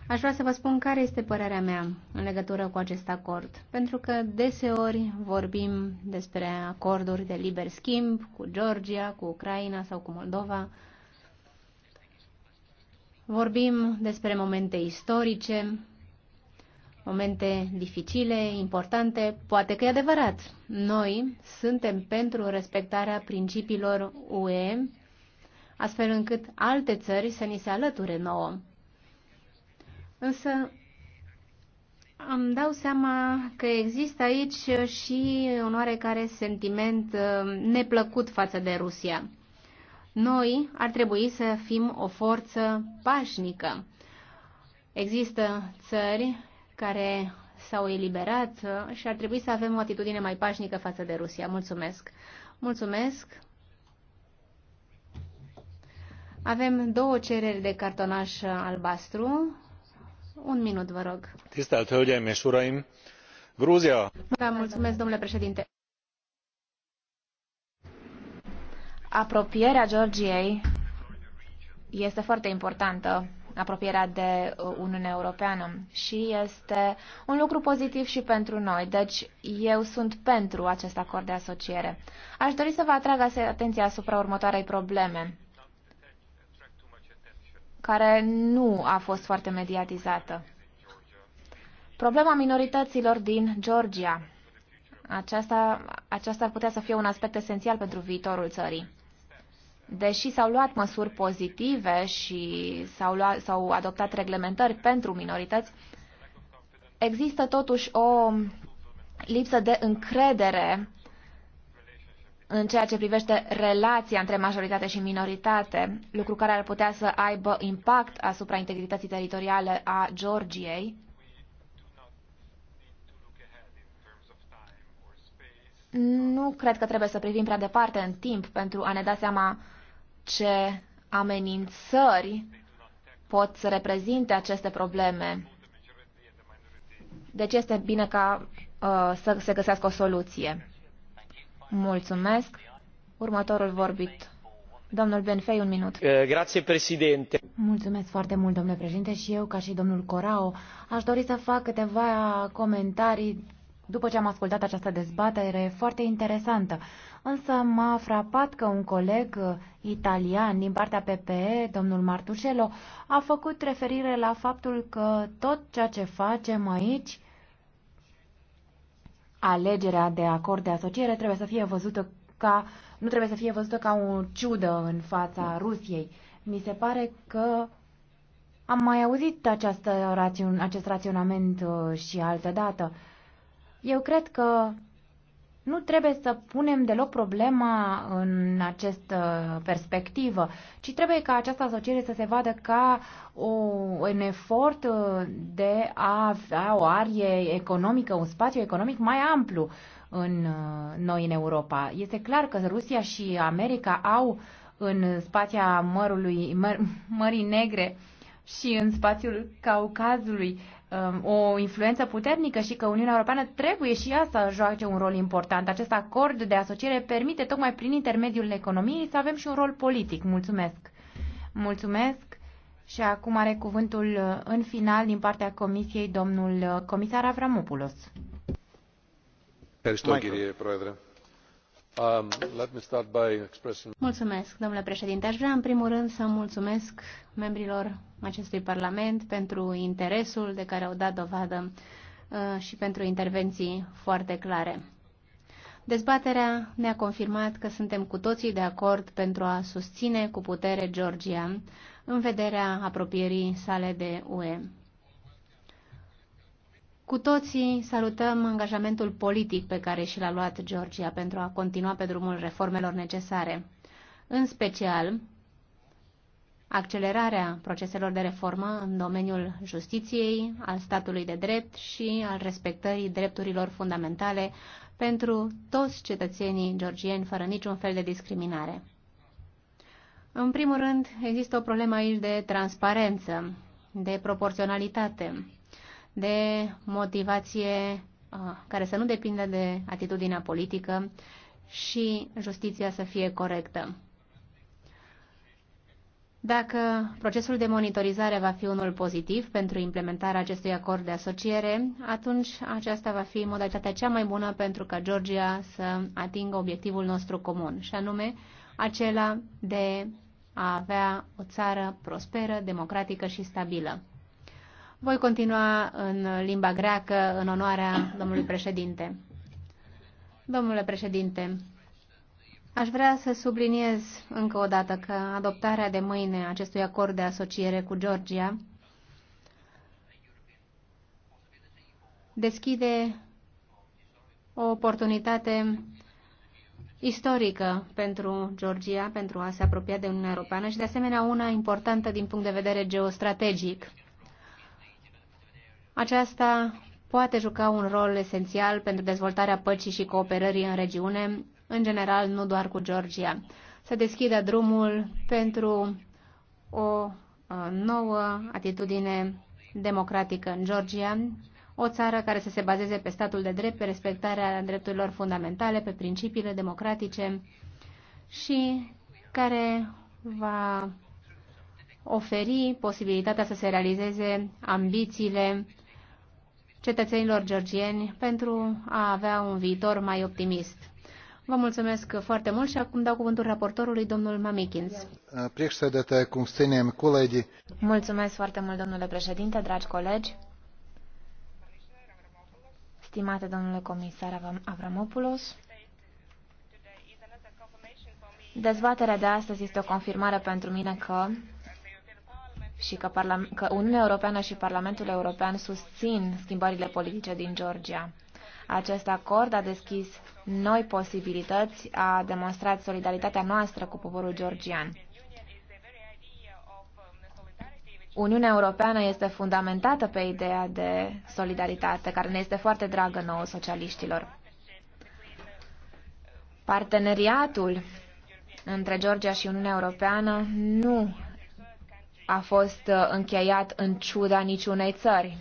Aș vrea să vă spun care este părerea mea în legătură cu acest acord, pentru că deseori vorbim despre acorduri de liber schimb cu Georgia, cu Ucraina sau cu Moldova. Vorbim despre momente istorice, momente dificile, importante, poate că e adevărat. Noi suntem pentru respectarea principiilor UE, astfel încât alte țări să ni se alăture nouă. Însă îmi dau seama că există aici și un oarecare sentiment uh, neplăcut față de Rusia. Noi ar trebui să fim o forță pașnică. Există țări care s-au eliberat uh, și ar trebui să avem o atitudine mai pașnică față de Rusia. Mulțumesc! Mulțumesc! Avem două cereri de cartonaș albastru un minut, Tisztelt Hölgyeim és Uraim! Gruzia! mulțumesc, domnule președinte. Apropierea Georgiei este foarte importantă, apropierea de uh, Uniunea Europeană și este un lucru pozitiv și pentru noi. Deci eu sunt pentru acest acord de asociere. Aș dori să vă atrag atenția asupra următoarei probleme care nu a fost foarte mediatizată. Problema minorităților din Georgia. Aceasta, aceasta ar putea să fie un aspect esențial pentru viitorul țării. Deși s-au luat măsuri pozitive și s-au, adoptat reglementări pentru minorități, există totuși o lipsă de încredere în ceea ce privește relația între majoritate și minoritate, lucru care ar putea să aibă impact asupra integrității teritoriale a Georgiei. Nu cred că trebuie să privim prea departe în timp pentru a ne da seama ce amenințări pot să reprezinte aceste probleme. Deci este bine ca uh, să se găsească o soluție. Mulțumesc. Următorul vorbit. Domnul Benfei, un minut. Eh, Grație, președinte. Mulțumesc foarte mult, domnule președinte, și eu, ca și domnul Corao, aș dori să fac câteva comentarii după ce am ascultat această dezbatere foarte interesantă. Însă m-a frapat că un coleg eh, italian din partea PPE, domnul Martușelo, a făcut referire la faptul că tot ceea ce facem aici alegerea de acord de asociere trebuie să fie văzută ca, nu trebuie să fie văzută ca o ciudă în fața Rusiei. Mi se pare că am mai auzit această acest raționament uh, și altă dată. Eu cred că nu trebuie să punem deloc problema în această perspectivă, ci trebuie ca această asociere să se vadă ca o, un efort uh, de a avea o arie economică, un spațiu economic mai amplu în uh, noi în Europa. Este clar că Rusia și America au în spația mărului, mă, Mării Negre și în spațiul Caucazului Um, o influență puternică și că Uniunea Europeană trebuie și ea să joace un rol important. Acest acord de asociere permite tocmai prin intermediul economiei să avem și un rol politic. Mulțumesc! Mulțumesc! Și acum are cuvântul uh, în final din partea Comisiei domnul uh, comisar Avramopoulos. Michael. Um, mulțumesc, domnule președinte. Aș vrea, în primul rând, să mulțumesc membrilor acestui Parlament pentru interesul de care au dat dovadă uh, și pentru intervenții foarte clare. Dezbaterea ne-a confirmat că suntem cu toții de acord pentru a susține cu putere Georgia în vederea apropierii sale de UE. Cu toții salutăm angajamentul politic pe care și l-a luat Georgia pentru a continua pe drumul reformelor necesare. În special, accelerarea proceselor de reformă în domeniul justiției, al statului de drept și al respectării drepturilor fundamentale pentru toți cetățenii georgieni fără niciun fel de discriminare. În primul rând, există o problemă aici de transparență, de proporționalitate de motivație care să nu depindă de atitudinea politică și justiția să fie corectă. Dacă procesul de monitorizare va fi unul pozitiv pentru implementarea acestui acord de asociere, atunci aceasta va fi modalitatea cea mai bună pentru ca Georgia să atingă obiectivul nostru comun, și anume acela de a avea o țară prosperă, democratică și stabilă. Voi continua în limba greacă în onoarea domnului președinte. Domnule președinte, aș vrea să subliniez încă o dată că adoptarea de mâine acestui acord de asociere cu Georgia deschide o oportunitate istorică pentru Georgia, pentru a se apropia de Uniunea Europeană și, de asemenea, una importantă din punct de vedere geostrategic. Aceasta poate juca un rol esențial pentru dezvoltarea păcii și cooperării în regiune, în general nu doar cu Georgia. Să deschidă drumul pentru o nouă atitudine democratică în Georgia, o țară care să se bazeze pe statul de drept, pe respectarea drepturilor fundamentale, pe principiile democratice și care va oferi posibilitatea să se realizeze ambițiile cetățenilor georgieni pentru a avea un viitor mai optimist. Vă mulțumesc foarte mult și acum dau cuvântul raportorului, domnul Mamikins. Mulțumesc foarte mult, domnule președinte, dragi colegi. Stimate domnule comisar Avramopoulos, dezbaterea de astăzi este o confirmare pentru mine că și că, că Uniunea Europeană și Parlamentul European susțin schimbările politice din Georgia. Acest acord a deschis noi posibilități, a demonstrat solidaritatea noastră cu poporul georgian. Uniunea Europeană este fundamentată pe ideea de solidaritate, care ne este foarte dragă nouă socialiștilor. Parteneriatul între Georgia și Uniunea Europeană nu a fost uh, încheiat în ciuda niciunei țări.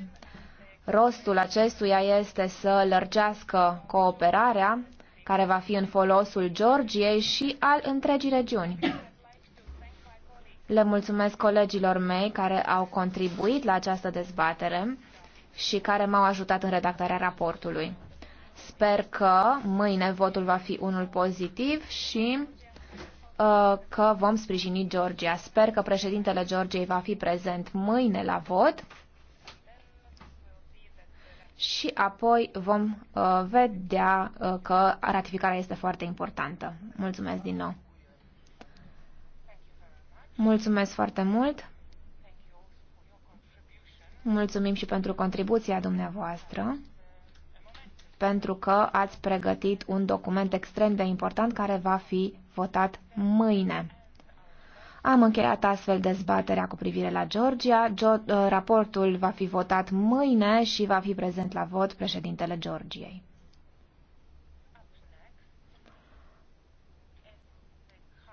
Rostul acestuia este să lărgească cooperarea, care va fi în folosul Georgiei și al întregii regiuni. Le mulțumesc colegilor mei care au contribuit la această dezbatere și care m-au ajutat în redactarea raportului. Sper că mâine votul va fi unul pozitiv și Uh, că vom sprijini Georgia. Sper că președintele Georgiei va fi prezent mâine la vot și apoi vom uh, vedea uh, că ratificarea este foarte importantă. Mulțumesc din nou. Mulțumesc foarte mult. Mulțumim și pentru contribuția dumneavoastră, pentru că ați pregătit un document extrem de important care va fi votat mâine. Am încheiat astfel dezbaterea cu privire la Georgia. Jo- uh, raportul va fi votat mâine și va fi prezent la vot președintele Georgiei.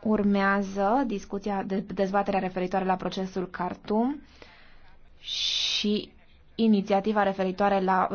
Urmează discuția de dezbaterea referitoare la procesul Khartoum și inițiativa referitoare la